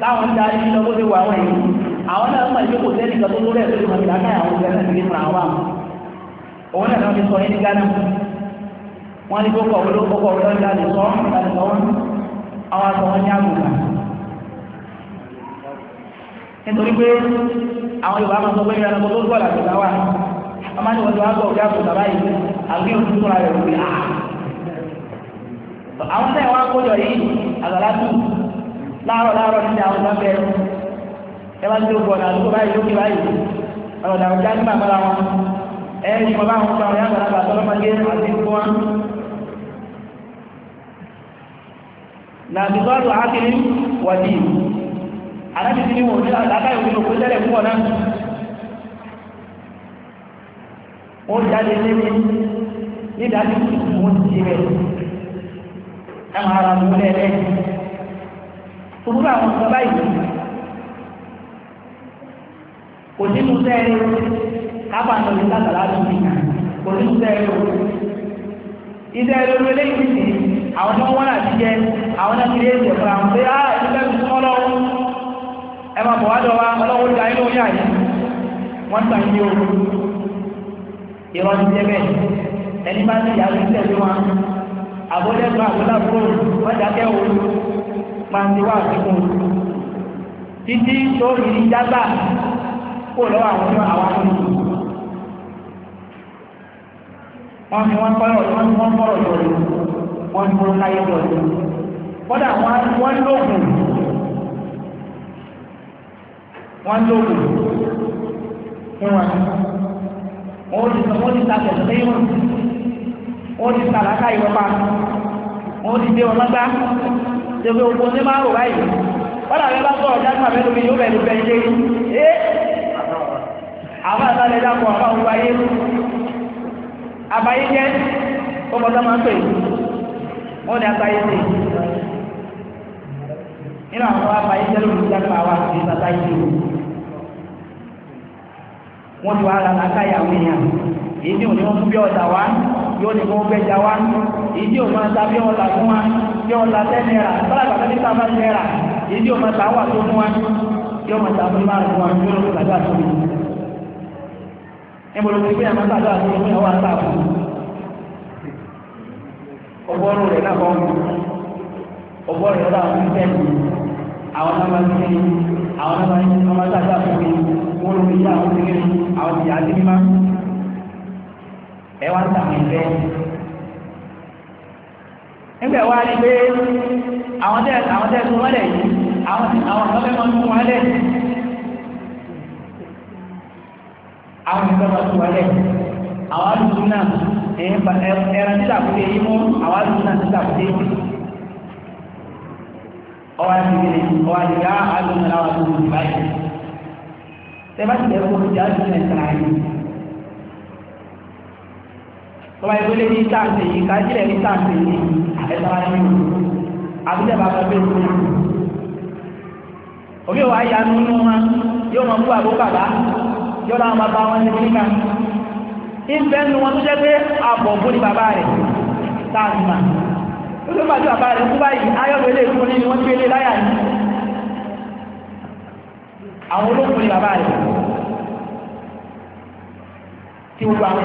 táwọn darí lọ bó ṣe wà wọ́n yìí àwọn náà mọ̀ ìjókòó sẹ́ni kan tó lórí ẹ̀sọ́ ìmọ̀ ìlà náà àwọn ìgbà náà ti fún àwọn àwọn òun náà fi sọ ní Ghana wọ́n ní kókò olú kókò olú ọjà lè sọ ìgbàlè sọ wọn àwọn àtọ̀ wọn ní àgùnkà nítorí pé àwọn Yorùbá máa sọ pé ìrànà kó tó gbọ́ làgbègbà wà wọ́n máa ní wọ́n ti wá gbọ́ ọ̀gá àgùnkà báyìí àbí òtún fúnra rẹ̀ wù ah. àwọn náà wá kójọ yìí àgbàlá tù láàárọ̀ láàárọ̀ nílé àwọn ọmọ bẹ́ẹ̀ ẹ bá ń tó bọ̀dà àdúgbò báyìí lókè báyìí ọ̀rọ̀ dàrú já nígbà mọ́ra wọn ẹ ní mo bá wọn sọ ọ̀rẹ́ àgbàlagbà tọ́lọ́mọdé àti fún wọn. nàbí sọ́ọ̀rù ákìrí wọ̀dí àdájú ti ní wọn ní àdáyé òfin òkú tẹ́lẹ̀ fún ọ̀nà wọn jáde lé ní ní ìdájú wọn ti rẹ̀ ẹ máa ra mú lẹ́ẹ̀lẹ́ẹ̀ gbogbo àwọn nǹkan báyìí kò nínú sẹ́ẹ̀rẹ́ kábà ń lọ sí àtàlà kò nínú sẹ́ẹ̀rẹ́ iṣẹ́ ẹlẹ́rú eléyìí sì àwọn tí wọ́n wọ́n láti jẹ àwọn náà kiri èsì ẹ̀fọ́ àwọn pé áà ah, ìṣẹ́ ti fún ọlọ́run ẹ máa bọ̀ wá dọ̀ wá ọlọ́run ti ayé lóyún àyè wọ́n tàn yí o ìrọ̀ ti jẹ bẹ́ẹ̀ ẹni bá ti yàrá ìṣẹ́ àbọ̀dẹ́gbọ̀n àbọ̀dàbọ̀ wọ́n dákẹ́ òru pàǹdíwá àdínkùn títí tó ìrí jágbà kó lọ́wọ́ àwọn ọmọ àwọn ọmọ wọn ni wọ́n kọ́rọ̀ wọ́n wọ́n kọ́rọ̀ lọ́rọ̀ wọ́n ni wọ́n láyé lọ́rọ̀ kọ́dà wọ́n lóògùn wọ́n lóògùn fún wọn wọ́n ti sọ wọ́n ti ta lẹ́yìn wọ́n ti ta ìwọ́pa wọ́n ti dé wọn lágbá tí ó gbogbo ní máa rò báyìí wọ́n làwọn bá sọ̀rọ̀ jágbà mẹ́lú mi yóò bẹ̀rù bẹ̀rù lé ẹ́ àwọn àtàlẹ̀ dàpọ̀ àwọn òwú ayé àbáyé jẹ́ ọmọdé máa ń pè wọ́n ní àtàyé sí nínú àwọn àbáyé jẹ́ lórí jágbà wa àti àtàyé sí wọ́n ti wá ara làákàyà àwọn èèyàn èyí ò ní wọ́n fún bí ọ̀tà wá yóò ní kó gbẹ́jà wá èyí ò máa ta bí ọ̀tà fún wa bí ọ̀tà tẹ́ náírà bọ́làgbà tó ní sábà náírà èyí ò máa ta wà tó fún wa yóò máa ta fún máa fún wa yóò lóko tàbí àtúntò níbo ló ti gbé àmọ́ tàbí àtúntò ní ọwọ́ àtà fún ọgbọ́rún rẹ̀ náà kọ́ ọgbọ́rún rẹ̀ náà fún tẹ́lẹ̀ àwọn náà máa ń tẹ́lẹ̀ àwọn náà máa ń tàbí àtúntò wọn ló fi yá àwọn tẹ́lẹ̀ àwọn ìyá ẹ wá ń tàwọn ẹgbẹ́ nígbà wá rí pé àwọn tẹ́ àwọn tẹ́ fún wọ́lẹ̀ yìí àwọn àwọn ọ̀fẹ́ wọn fún wọ́lẹ̀ àwọn ìfẹ́ wọn fún wọ́lẹ̀ àwọn alùpùpù náà ẹ̀yìn pa ẹran títà fún èyí mú àwọn alùpùpù náà títà fún èyí ọwọ́ àdìgbèrè ọwọ́ àdìgbà alùpùpù náà wà lórí ìbáyìí tẹ́ bá ti lẹ́kọ̀ọ́ ìjà alùpùpù náà tọ́ba ìwé lé ní sáǹsì yìí kájílẹ̀ ní sáǹsì yìí ẹ̀sọ́ra ní ìlú àbújẹ́ bàbá bẹ́ẹ̀ tó yẹ. òbí wa ya nínú wọn yóò máa bú àbó bàbá yóò láwọn bàbá wọn ní kíkà. ìfẹ́ nu wọn tó jẹ́ pé àbọ̀ bó ni bàbá rẹ̀ sáǹsì mà. ó tó bàjẹ́ bàbá rẹ̀ tó báyìí ayọ́bẹ̀lẹ̀ ìfúnni ni wọ́n gbélé láyà ní. àwọn olókùn ni bàbá rẹ̀ tí gbogbo àwọn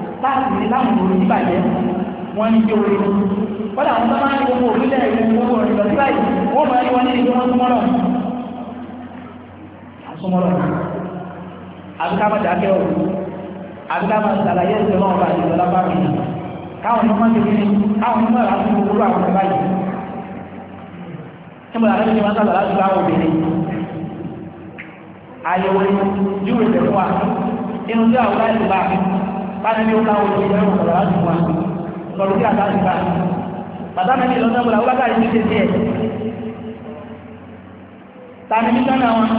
láti ní láwọn òru tí bàjẹ́ wọ́n ní jó orí kọ́dà wọn máa ní gbogbo òrùlẹ̀ gbogbo òrùn lọ sí báyìí wọ́n máa ní wọn ní ìjọ wọn súnmọ́rọ̀ àsúnmọ́rọ̀ àbí ká máa dákẹ́ ọ̀rọ̀ àbí ká máa ṣàlàyé ìṣẹ́ náà bá ìṣẹ́ lọ́pá mi káwọn ní máa tẹ̀lé káwọn ní máa láti gbogbo àwọn ọ̀rọ̀ báyìí níbo làwọn ẹni máa sábà láti bá àwọn obìnrin àyẹ̀wò ìjúwe tẹ̀fọ́ wa inú tí àwọn láì báyìí ní ó káwọn olùgbé ẹ̀wọ̀n ọ̀rọ̀ láti wà lọ́rọ̀ sí àtàrí bá bàtà mẹ́rin lọ sẹ́wọ̀n làwọn bàtà yìí ṣe díẹ̀ tani ní sọ́nà wọn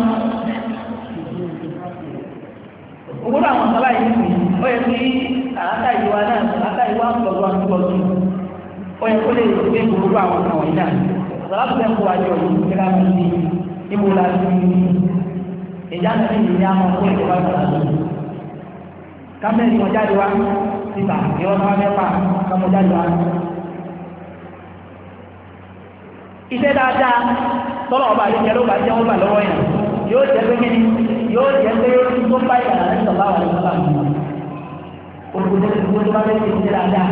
òwúrọ̀ àwọn sábà yìí sì ó yẹ kí àátà ìwà náà àátà ìwà pọ̀lú àtúbọ̀tú ó yẹ kó lè gbé gbogbo àwọn àwọn ìdá ọ̀rọ̀ láti fẹ́ kó wájú ọ̀yìn kíkà mọ́ sí ibùdó àti ìjà náà ní ìyá ọmọ kámẹ́rin wọn jáde wá síta ìwọ́n máa mẹ́fà kámọ́ jáde wá. iṣẹ́ dáadáa tọ́lọ̀ ọba àti ìjẹ́lẹ́ ọba jẹ́ wọ́n bà lọ́wọ́ yẹn yóò jẹ́ pé kíni yóò jẹ́ pé tó bá ìlànà ní sọ̀lá wà lọ́wọ́ bá mi. olùkọ́ tó ti bá fẹ́ ṣe iṣẹ́ dáadáa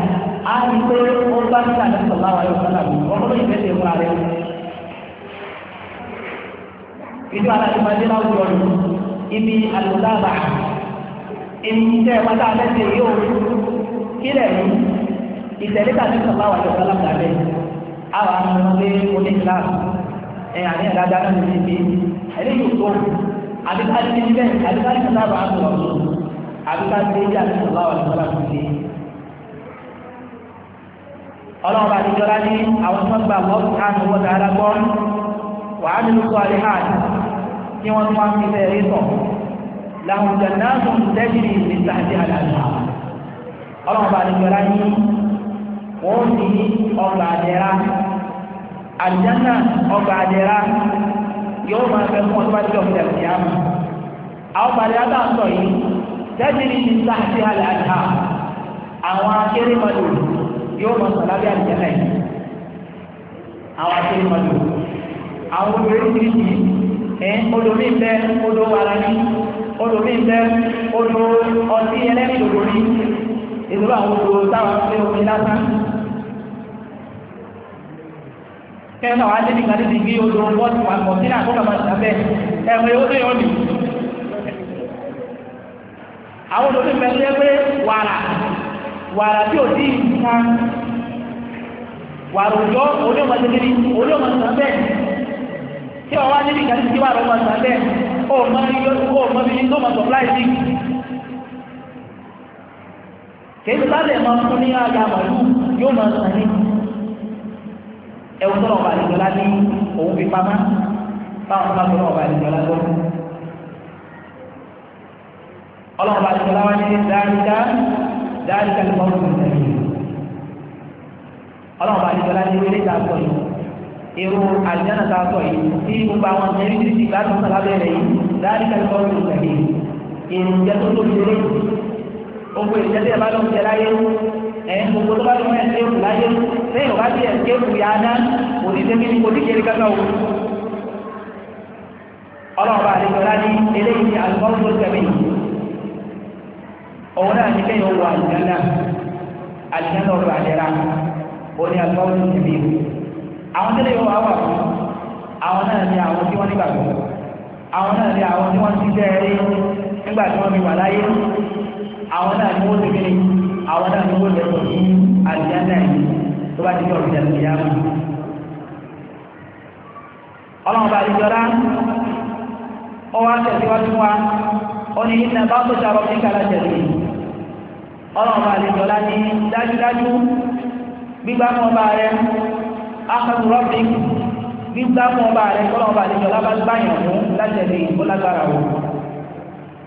á ní pé ó bá ìlànà ní sọ̀lá wà lọ́wọ́ bá mi ọkọ̀ ìfẹ́ ṣe fún ààrẹ ìjọ alájọmọdé láwùjọ ibi àlùdáàbà ẹni tẹ́ ẹ pátá alẹ́sẹ̀ yóò kílẹ̀ ní ìtẹ̀lẹ́tà ní sọ̀bá wà lọ́wọ́ lábẹ́ àwọn amúnilé oníkìláà ẹ̀ àní ẹ̀dájá náà ní ibi ẹni yóò tó àbíkájú ní bẹ́ẹ̀ àbíkájú ní sábà àbúrò ọ̀sùn àbíkájú ní ìjà ní sọ̀bá wà lọ́wọ́ lábẹ́ ọlọ́run àdìjọra ní àwọn tó ń gba lọ́wọ́ káàmì wọ́n dáadáa gbọ́ wàá nínú sọ tí wọ́n tún wá ń fi bẹ́ẹ̀ rí làwọn jẹ̀nà tó ń tẹ́jìrì ní sáàdì àlàáfà ọlọ́run bá nìkan láyé wọ́n ní ọgbà àdẹ́rà àjẹ́nà ọgbà àdẹ́rà yóò máa fẹ́ fún ọdún bá ti ọ̀gbìn ẹ̀sìn àmà àwọn ọgbà àdẹ́rà náà sọ yìí yóò máa sọ lábẹ́ àjẹ́nà yìí àwọn akérèmọdò àwọn olórí ti ẹ̀ olómi bẹ́ẹ̀ odò wàrà ní olùmí ń bẹ́ odò ọtí ẹlẹ́rìndòdò ní ìdúró àwọn odò táwọn fi omi lásán kẹ́ńtà wá dé nìkan níbi bí odò bọ́ọ̀tù pàpọ̀ sínú àkókò àmà ìsàbẹ̀ ẹ̀mọ̀ yóò dé yọ̀ nì àwọn odò ní bẹ́ẹ̀ lé pé wàrà wàrà tí ò tí ì wàrà òjò olóòmọ̀ tí ọwá níbi ìgbà tí wà lọ́wọ́ sàlẹ̀ ó mọ́ yóò mọ́ bí tó mọ̀ supply sí kèé sálẹ̀ mọ́ fún ní àga màlú yóò mọ́ sàn ní ẹ̀wọ̀n tọ́lọ̀ ọba àdìjọlá ní òun fi pamá báwọn tó bá tọ́lọ̀ ọba àdìjọlá lọ ọlọ́ọ̀ba àdìjọlá wá ní dáríká dáríká lọ́wọ́ ọlọ́ọ̀ba àdìjọlá ní orílẹ̀-èdè àgbọ̀yìn irú àlùjáná tá a sọ yìí tí gbogbo àwọn ọ̀sẹ̀ yìí ti gbádùn náà lábẹ́rẹ̀ yìí láàrín kẹ́kọ̀ọ́ ní ìgbàgbé ìrìnjẹ tó tó fi lé gbogbo ìrìnjẹ tí ẹ bá lọ jẹ láyé ẹ̀yìn gbogbo tó bá lọ mọ̀ ẹ̀sẹ̀ òkú láyé lẹ́yìn ọ̀bá bí ẹ̀sẹ̀ òkú yá ná oníṣẹ́bí ní oníṣẹ́rí kẹ́kọ̀ọ́ ọlọ́run bá àlejò lá ní eléyìí àlùkọ́ tó tẹ̀mí òun náà ní kẹ́yìn owó àlùjáná àlùjáná ọ̀rọ̀ àjẹrà òun ni àlùkọ́ tó tẹ̀mí àwọn tẹ́lẹ̀ yóò wá wà fún àwọn náà ni àwọn tí wọ́n nígbàgbọ́ àwọn náà ni àwọn tí wọ́n ti jẹ́ rí nígbà tí wọ́n fi wà láyé àwọn náà ni wọ́n ti fi àwọn náà ni wọ́n lẹ́tọ̀ ní àdìyànà yìí tó bá ti jọ ìjà lórí yàrá ọlọ́run bá ti jọra ó wá tẹ̀síwájú wa ó ní iná bá tó ṣàrọ̀ ní kàlájẹ̀ lórí ọlọ́run bá ti jọra ní dájúdájú gbígbá mọ́ bá rẹ̀ akadu rọ́bì gbígbá mọ́ ọba rẹ̀ kọ́lá ọba àlejò lábá gbáyàn mú látẹ̀lé ìbò lágbára o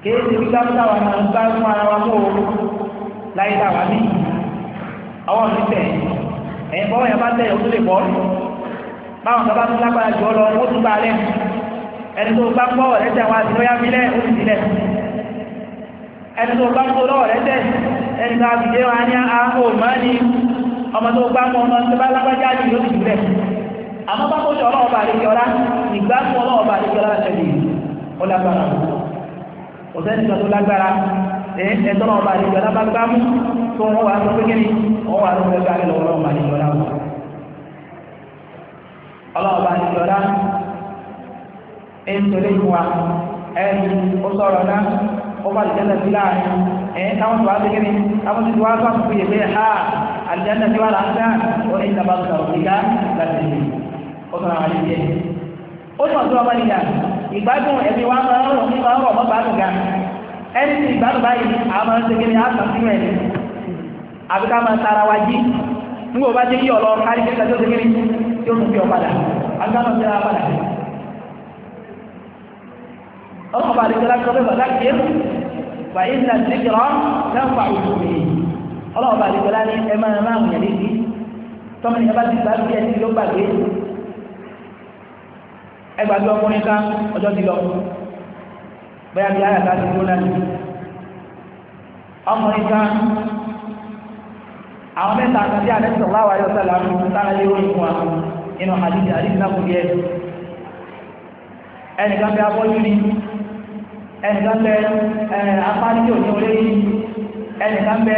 kìí ti gbígbá mú táwa náà gbá fún ara wa mú o láyé táwa mí àwọn òní tẹ̀ ẹ̀yìn bọ́wọ́ yẹn bá tẹ̀ o tó lè bọ́ báwọn kan bá tún lágbára jù ọ lọ ó tún bá lẹ̀ ẹni tó bá gbọ́ ọ̀rẹ́ tẹ̀ wá sí lọ́yà mílẹ̀ ó sì sílẹ̀ ẹni tó bá gbọ́ lọ́wọ́ rẹ̀ tẹ̀ ẹni tó àbìdé ọmọ tó gbá mọ́ ọmọ tó bá lágbájá ní ìlú ìbílẹ̀ àmọ́ bá kóṣọ ọlọ́ọ̀bà àríkẹ́ọ́lá ìgbà mú ọlọ́ọ̀bà àríkẹ́ọ́lá tẹ̀lé ó lágbára kò sẹ́ni kan tó lágbára ẹ̀ẹ́dọ́lọ́ọ̀bà àríkẹ́ọ́lá bá gbá mú tó wọ́n wà lọ pé kí ni wọ́n wà lọ gbẹ́gbẹ́ àrílọ́ ọlọ́ọ̀bà àríkẹ́ọ́lá wọn ọlọ́ọ̀bà àríkẹ́ọ́lá ń tẹ̀lé ìwà ẹ̀ẹ́dì ó sọ̀rọ̀ náà ó bá lè tẹ́lẹ̀ sí láàrin ẹ̀ẹ́ táwọn tó wá pé kí ni táwọn tó wá sọ̀rọ̀ aljanna tí wà láńdá ó ní ìjọba sọ̀rọ̀ ìdá láti ṣe ó sọ̀rọ̀ àwọn àlejò ẹ̀ ó sọ̀rọ̀ tó wà nígbà ìgbádùn ẹ̀mí wa máa ń rọ̀ nípa ọ̀rọ̀ ọmọ gbádùn ga ẹni tí ìgbádùn báyìí àwọn máa ń ṣe kéde àtàn sínú ẹ̀ àbí ká máa tara wa jí nígbà bá ti yí ọ̀lọ́ kárí kéka tó ṣe kéde ọlọ́run bá àdìgbọ́lá ní ẹ máa máa mú yẹn létí tọ́mọ ní ẹbá ti gbà bí ẹni ló gbàgbé ẹgbàgbé ọkùnrin ká ọjọ́ ti lọ bẹ́ẹ̀ bí ara ká ti kú náà ọkùnrin ká àwọn mẹ́ta àkàndé àdẹ́sọ̀lá wà yọ sálà fún sára lé orí fún wa nínú àdìsí àdìsí náà kò bí ẹ ẹnìkan bẹ abọ́jú ni ẹnìkan bẹ apá ní òní orí ẹnìkan bẹ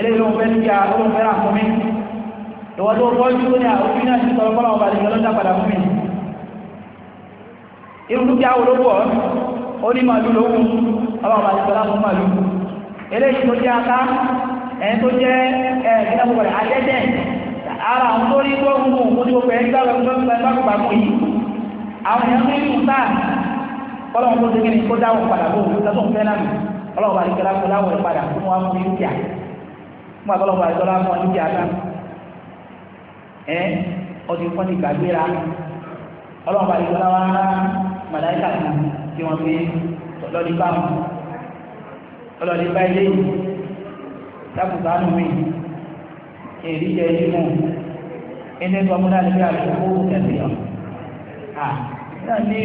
eléyìí ló ń fẹ́ níbi àwọn olóńfẹ́ rà fún mi ìwọ tó rọ́jú ní àwọn òfin náà ti sọ ọpọlọ ọba àti ìjọlọ́jà padà fún mi irú dúkìá olówó ọ ó ní màlúù lówó ọba ọba àti ìjọlá fún màlúù eléyìí tó jẹ́ aká ẹni tó jẹ́ ẹ̀ẹ́dínlẹ́gbọ̀n rẹ̀ ajẹ́jẹ́ ara àwọn tó rí gbọ́gbùn òun tó fẹ́ gbàgbà gbàgbàgbàgbà yìí àwọn èèyàn ní ìlú táà kọ́lọ́wọ́n tó ti gbé ní kó dáwọ̀ padà bóun lọ́sọ̀ fẹ́ náà fún àtọ́lọ́pọ̀ àìsọ́lá fún ọdún kíá tán ẹ ọdún kan ti gbàgbéra ọlọ́pàá àìsọ́lá wa rárá màláìkà kan tí wọ́n fi lọ́dí bá mu ọlọ́dí bá ilé yìí dákùtà nù mí èrí jẹ ilé mọ́ ẹni tó ọmọdé àti bíi àdúgbò kẹsì ọ. náà ní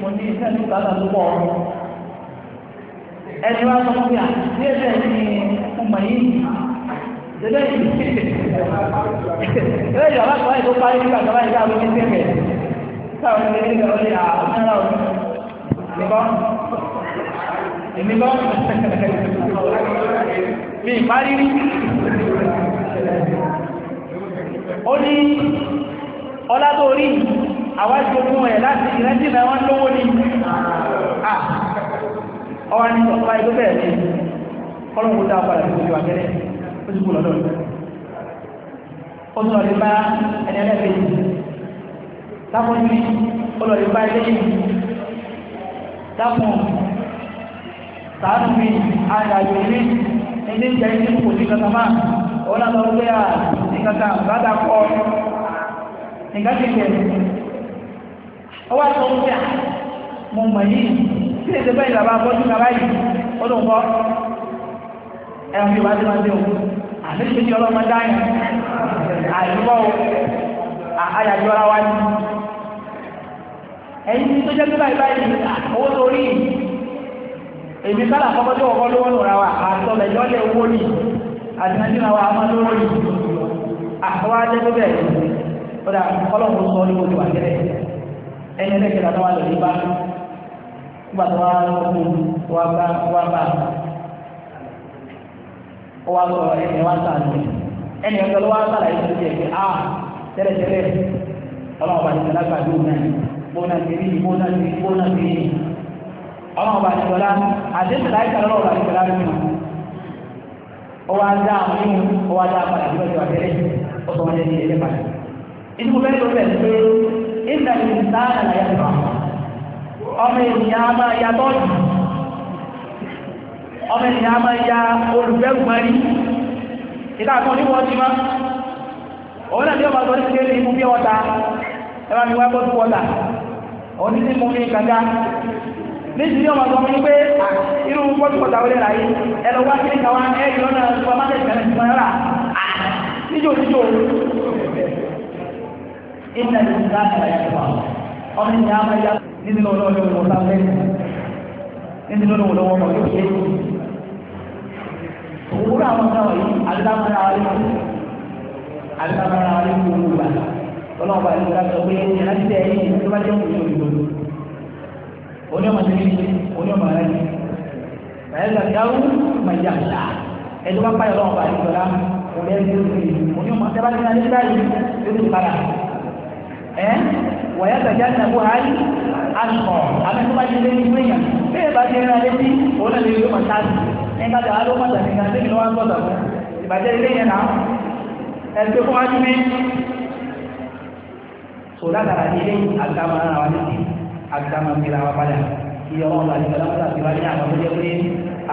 mo ní iṣẹ́ ní kàtà tó pọ̀ ẹni wá sọ fún mi à ní ẹsẹ̀ ní ọmọ yìí lẹ́lẹ́ yìí lẹ́lẹ́ yìí aláṣọ àìsó parí nígbà tó bá yẹ káwọn ní sẹ́mẹ̀ káwọn ní ẹni lọ lè àwọn náírà òní nìbọn èmi lọ mi parí rí ó ní ọlá tó rí àwájú ogún ẹ̀ láti ìrántí náà wọ́n lówó ní ọwá ní ọ̀pá ìlú bẹ̀rẹ̀ ní ọlọ́run tó dá padà tó ti wà gẹ́lẹ́ ó ti kú lọ́dọ̀ ó tún bá ẹni ẹlẹ́gbẹ̀ẹ́ lápọ̀jù ó lọ́dẹ̀ bá ilé yìí dákùn sàánù mi àyàjò mi ilé ìjẹ́ ìṣẹ́ kò sí kankan máa ó lọ́dọ̀ ó à ní kankan bá dàpọ̀ nǹkan ti jẹ́ ó wá sọ wípé mo mọ̀ yìí tí èdè bẹ́ẹ̀ ìlàbà bọ́jú kàbáyìí ó lóun kọ́ ẹ̀rùn yóò bá dé máa dé àtẹ́sí ní ọlọ́mọ dáhìn àìmọ́ àyàjọra wa ní ẹ̀yìn tó jẹ́ pípa ìbáyìí owó tó rí èmi sálà kọ́kọ́ tó kọ́kọ́ lówó lòra wa àtọ̀lẹ̀ lọ́lẹ̀ owó ní àti nàìjíríà wa máa lówó ní àwọn ajẹ́gbẹ́ bẹ̀rẹ̀ kódà kọ́lọ́mù sọ ní gbogbo àgẹ́rẹ́ ẹ̀yìn ẹlẹ́kẹ̀ẹ́ ó wá sọ̀rọ̀ ẹni wá sàn ní ẹni ọ̀sẹ̀ ló wá sàlà yìí tó jẹ́ pé a ah, tẹ́lẹ̀tẹ́lẹ̀ ọlọ́run bá ti sọ lágbàdo náà bóná ti rí bóná ti rí bóná ti rí ọlọ́run bá ti sọ lá àdéhùn láì sàlọ́ ọlọ́run bá ti sọ lá nínú ó wá dá àwọn nínú ó wá dá àpàdà tó lọ́jọ́ àtẹ́lẹ̀ ó sọ wọn lẹ́ni ẹ̀lẹ́ padà inú bẹ́ẹ̀ ló bẹ̀ pé ìdàgbàsá àlàyé ọmọ ènìyàn máa yàtọ̀ yìí ọmọ ènìyàn máa ya olùgbẹ́gbẹ́rí ìdákan ní wọ́n ti má òun náà ní ọmọ tó ní ṣe ní mú bí ọta ẹwà mi wá bọ́ sí wọ́ta òun ní sí mú ní kànga nítorí ọmọ tó ní pé irú bọ́ sí wọ́ta wọlé ráyé ẹlọ wá sí ìkàwá ẹ̀yìn lọ́nà supermarket kan ti mọ́ra níjò níjò ìnà ìgbà ìgbà ọmọ ènìyàn máa òwúrọ̀ àwọn káwọn yìí alikamara alẹ́kùn alikamara alẹ́kùn owó gbà ọlọ́wọ́ bá yìí lọ́sọ̀ pé ìyàrá ti tẹ̀ ẹ̀yìn tó bá jẹ́ òkú yóò dìbò onímọ̀ tó ní onímọ̀ rẹ̀ ni ẹ̀ẹ́dà dáwù màjà ṣá ẹ̀dùn bá páyọ̀ lọ́wọ́ bá yìí lọ́la òní ẹ̀dùn tó ní onímọ̀ tẹ́ bá ní alẹ́ báyìí yóò ti para ẹ̀ wọ̀nyá tàjà nàbó ayé àṣọ àbẹ́tọ́ bá yẹ lé ní gbẹ̀yàn bẹ́ẹ̀ bá yẹ ní alẹ́ bí òun náà lè yọ ẹ̀ka jà á ló mọ̀ tàbí ìgbà tí mi wá ń gbọ́dọ̀ fún ìbàjẹ́ ilé yẹn náà ẹgbẹ́ fún wájú mi so látara ilé àgbàmọ́ ara wa ní àgbàmọ́ mi ra wa padà iye ọlọ́run àti ìgbàlá mọ́ta ti wá ní àwọn ọmọdé pé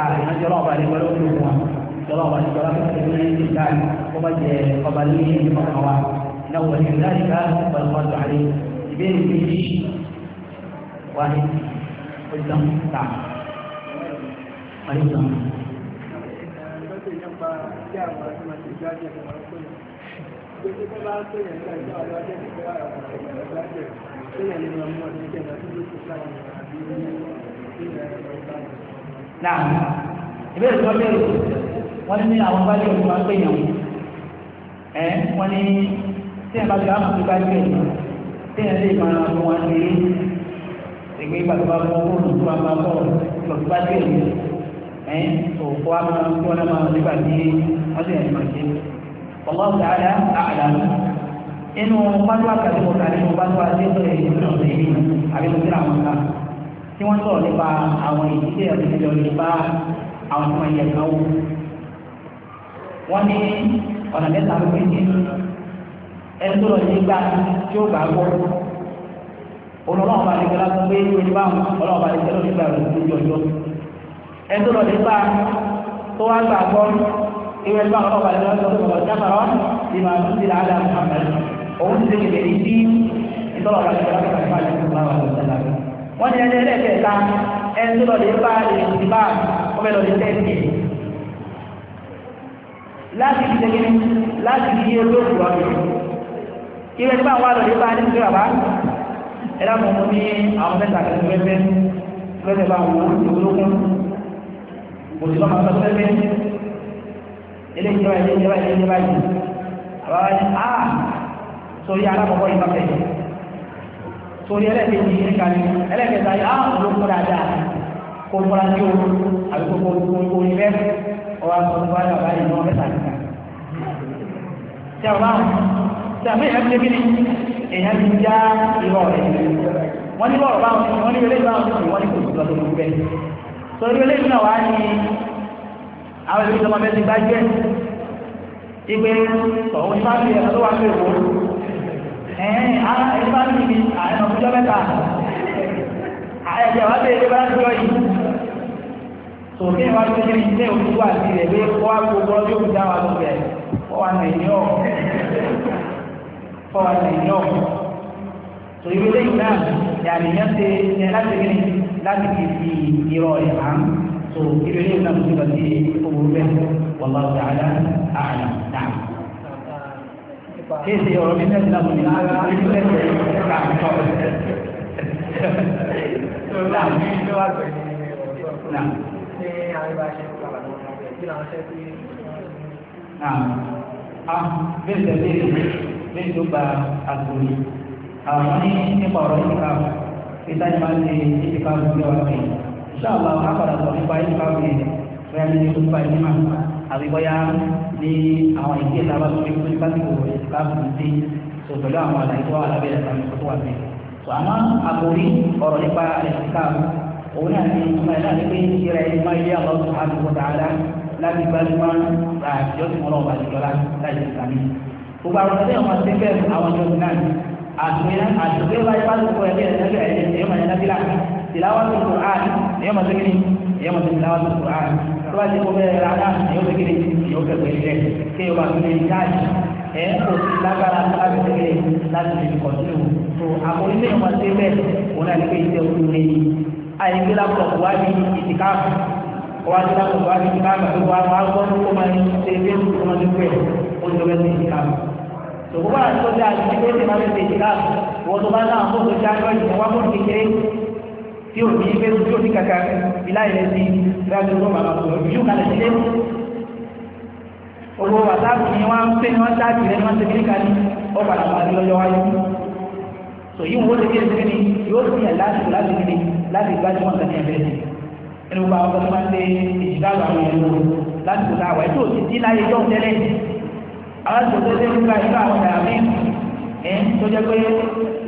àrùn àti ọlọ́run àti ìgbàlá òkú wọn ọlọ́run àti ìgbàlá mọ́ta ti wá ní ìgbà kó má jẹ ọba ní ìgbà kan wa náà wọ́n ti láti ká pẹ̀lú àlè ìbéèrè méjì wáyé ó dán tà wáyé dán tà nípa tí àwọn àti máa ṣe gbájẹ̀ fún wọn pé gbogbo tó bá tó yẹn nígbà tí àwọn ajẹ́ ti fẹ́ àwọn ìbéèrè tó bẹ̀rù wọ́n ní àwọn gbájẹ̀ òkú máa ń gbèyàn ẹ̀ wọ́n ní tí ẹ̀ bá ti àwọn àti gbájẹ̀ tí ẹ̀ lè máa mú wọn ṣe é ìgbé ìgbà tó bá mú ọkọ̀ òdùnkú àpapọ̀ ìgbà tó ẹ̀yìn òkú wa máa ń kí wọ́n máa nígbà tí wọ́n sì ẹ̀yìn màṣẹ́ ọlọ́run dáadáa àkàdá inú pátá kàtí mo kà nínú pátá tí ó lè ní ọ̀nà ìlú àbí mo kíra àwọn kan tí wọ́n sọ̀rọ̀ nípa àwọn ìdílé àtijọ́ nípa àwọn ọmọ ìyẹn kan wò wọ́n ní ọ̀nà mẹ́ta ló pé ní ẹni tó lọ nígbà tí ẹ̀tọ́ lọ nípa tó wá gbà gbọ́ ìwé ẹgbẹ́ àwọn ọba ìlú ọjọ́ ìgbà ìjábàrọ̀ ní máa tún sílẹ̀ àdá Muhammad òun ti lè kẹ̀lé sí ìtọ́lọ̀ ọba ìjọba ìjọba ìjọba ìjọba ìjọba ìjọba wọ́n ní ẹni ẹlẹ́kẹ̀ẹ́ta ẹni tó lọ nípa ìrìnbá ọbẹ̀ lọ ní tẹ́ẹ̀sì láti fi ṣe kíni láti fi yé olóògùn ọdún ìwé ẹgbẹ́ àwọn àlọ́ nípa ní ìjọba bá ẹ̀rọ àwọn ọmọ ní àwọn mẹ́ta kẹ́kẹ́ fẹ́fẹ́ fẹ́fẹ́ bá wọn ológun mo sì lọ́mọ sọ pẹ́pẹ́ eléyìí báyìí eléyìí báyìí eléyìí báyìí àbá wáyé á sórí alákọ̀ọ́kọ́ yìí bàtẹ́ sórí ẹlẹ́kẹ̀ẹ́jì yìí nìkan ni ẹlẹ́kẹ̀ẹ́ta yìí á ló kó dáadáa kó fọ́ra ní o àbí kó kó kó ní bẹ́ẹ̀ ọwọ́ àti ọdún báyìí bàbá yìí wọ́n mẹ́ta nìkan. sẹ́wọ̀n báwọn sẹ́wọ̀n èèyàn ti bí ni èèyàn ti já irọ́ rẹ̀ wọ́n ní bọ́ọ̀rọ̀ báwọn wọ́n ní ilé ìbáwọn wọ́n ní kò torí eléyìí náà wá ní àwọn ìlú ìjọba bẹ́ẹ̀ ti gbá jẹ́ ìgbé tọ̀hún ìfáàmì ẹ̀ka tó wà ní èkó ẹ̀ẹ́n ara ìfáàmì mi àárín ọ̀fíjọ́ mẹ́ta àyẹ̀jẹ̀ wá bẹ́ẹ̀ ilé bá ń jọ yìí tòkè wá tó kéré ilé òkú àti rẹ̀ pé kó wá gbogbo ọjọ́ òkú dá wa lókè ọwà nàìjíríà tó irú lẹ́yìn náà yàrá yẹn ṣe yẹn láti rí láti fi fi irọ́ rẹ̀ hàn tó irú lẹ́yìn náà tó ti owó bẹ́ẹ̀ wallahu ta'ala a'lam náà. kéèsì ọ̀rọ̀ mi náà ti lábọ̀ ní ara irú lẹ́sẹ̀ ká tọ́ náà náà. ṣé àwọn ibà ṣe ń pàpà lọ́wọ́ kí làwọn ṣe pé. náà a bẹ́ẹ̀ tẹ̀lé bẹ́ẹ̀ tó gba àgbòyìn. àwọn ní nípa ọ̀rọ̀ ìdíkà ìta ìmá ti ìdíkà gbogbo wa pé ṣáàlá wọn àpàdà sọ nípa ìdíkà gbogbo rẹ ní ní gbogbo àìní mà àbíbọ́yá ní àwọn ìdí ìta bá tó fi kú nípa ìgbò ìdíkà gbogbo sí tó pẹ̀lú àwọn àlàyé tó wà lábẹ́ ìdàkà tó wà pé tó àmọ́ àkórí ọ̀rọ̀ nípa ìdíkà òun náà ni ọmọ ẹ̀ náà ní pé ìrẹ̀ ìmọ̀ ilé àwọn ọ̀sùn àti ìwọ̀ta àdá láti gbajúmọ̀ ra àjọsìn ọlọ́ọ̀bà ìjọba láti ìsàmì gbogbo àwọn ọ̀sẹ̀ ọmọ ṣẹ́fẹ́ àwọn ọjọ́ náà àtúnyẹn àtúnyẹn bá ipá tó kọ ẹgbẹ́ ẹ̀dẹ́gbẹ́ ẹ̀dẹ́ èyí máa yẹn nábìlà tìláwà tó kọ án èyí máa tẹ́kìrì èyí máa tẹ́kìrì tìláwà tó kọ án tó bá ti kọ bẹ́ẹ̀ rà náà èyí ó tẹ́kìrì èyí ó kẹ́kọ̀ọ́ ilẹ̀ kéèyàn bá tún lè jáàjì ẹ̀ kò sí lágbára láti tẹ́kìrì láti lè kọ̀tínú tó àkórílẹ̀ wọn ti bẹ́ẹ̀ òun náà ní que iṣẹ́ òkú lè yí àyíké lápọ̀pù wá ní ìtìkáàfù wá ní lápọ̀pù wá ní ìtìkáàfù àti wá wá gbọ́dọ̀ kó máa ń ṣe fẹ́ẹ́ tòkó bá àti sọ́jà àti ẹgbẹ́ ìṣẹ̀lẹ̀ máa ń ṣe ìṣẹ̀lá wọ́n tó bá náà fún tó já lọ́yìn ìwọ́n wá fún kékeré tí ò ní ilé tí ò ní kàkà ìlà ìrẹ́ sí ìrìnàjò tó bàbá tó lọ yóò kalẹ̀ sílé owó wàtáàbù ni wọ́n ń pè ní wọ́n dáàbì rẹ̀ wọ́n ti kiri ká ní ó padà bá ní lọ́jọ́ wáyé tò yí wọ́n ti kiri ní yóò tún yẹ láti láti kiri láti gbájú wọn kàn ní ẹ̀bẹ̀rẹ̀ sí ẹnu gbogbo àwọn ọmọ aláṣọ̀tẹ́ tó ń gba ìgbà àwọn dàbí ẹ̀ tó jẹ́ pé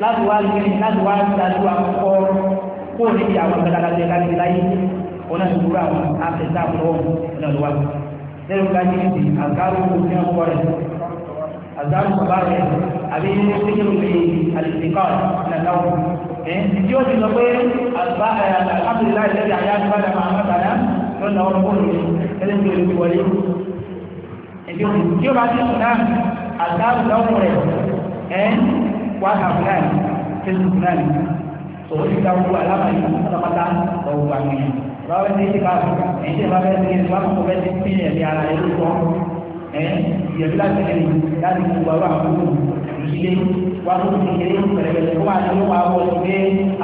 láti wá lè ní láti wá dájú àkọ́kọ́ kó o níbi àwọn ọ̀gá dáadáa tẹ̀lé láti láyé ọ̀nà ìdúró àwọn àfẹ́sà àbúrò ọ̀nà ìwà lẹ́nu ká ní ti àgbáwò ní ọkọ rẹ̀ àgbáwò bàbá rẹ̀ àbí ní péjọ́rù pé àlèsìkọ́ nàdáwò ẹ̀ tí ó ti sọ pé àgbà àbúrò láì lẹ́bi àyájú bá dàmà àmàtàdá lọ́nà ọ̀rọ̀ ẹ̀bí òun tí ó bá ti sùn náà àtàrù lọ́wọ́ rẹ̀ ẹ́ wà hàbù náà facebook náà ni tó o ti gba owó alábàáyé pátápátá lọ́wọ́ àwọn èèyàn báwo ni èyí bá bọ̀ èyí tí ẹ bá fẹ́ ṣe ìwà kọ̀ọ̀kọ̀ fẹ́ ti pín ẹ̀mí ara ẹ̀ lóko ẹ̀ ìyẹ̀bí láti ẹ̀rí láti gbogbo àwọn àkókò ilé wà lóko kékeré pẹ̀lẹ́pẹ̀lẹ́ kó wà ní wà wọ̀ ní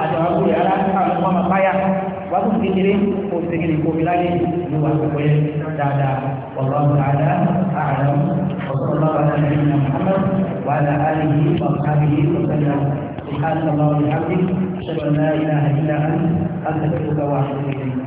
àjọ àgbò rẹ̀ aláàbò àwọn ọmọ báyà wákùn kékeré kò segin kò filáyé ló wà pẹ̀lú ẹ̀ dáadáa wàlúwà sàádà àdàm ọ̀sọ̀rọ̀lá wà láti ẹ̀yìn náà muhammad wà á lè àlè yìí wà á lè yìí wà á سبحانك اللهم وبحمدك اشهد ان لا اله الا انت استغفرك واتوب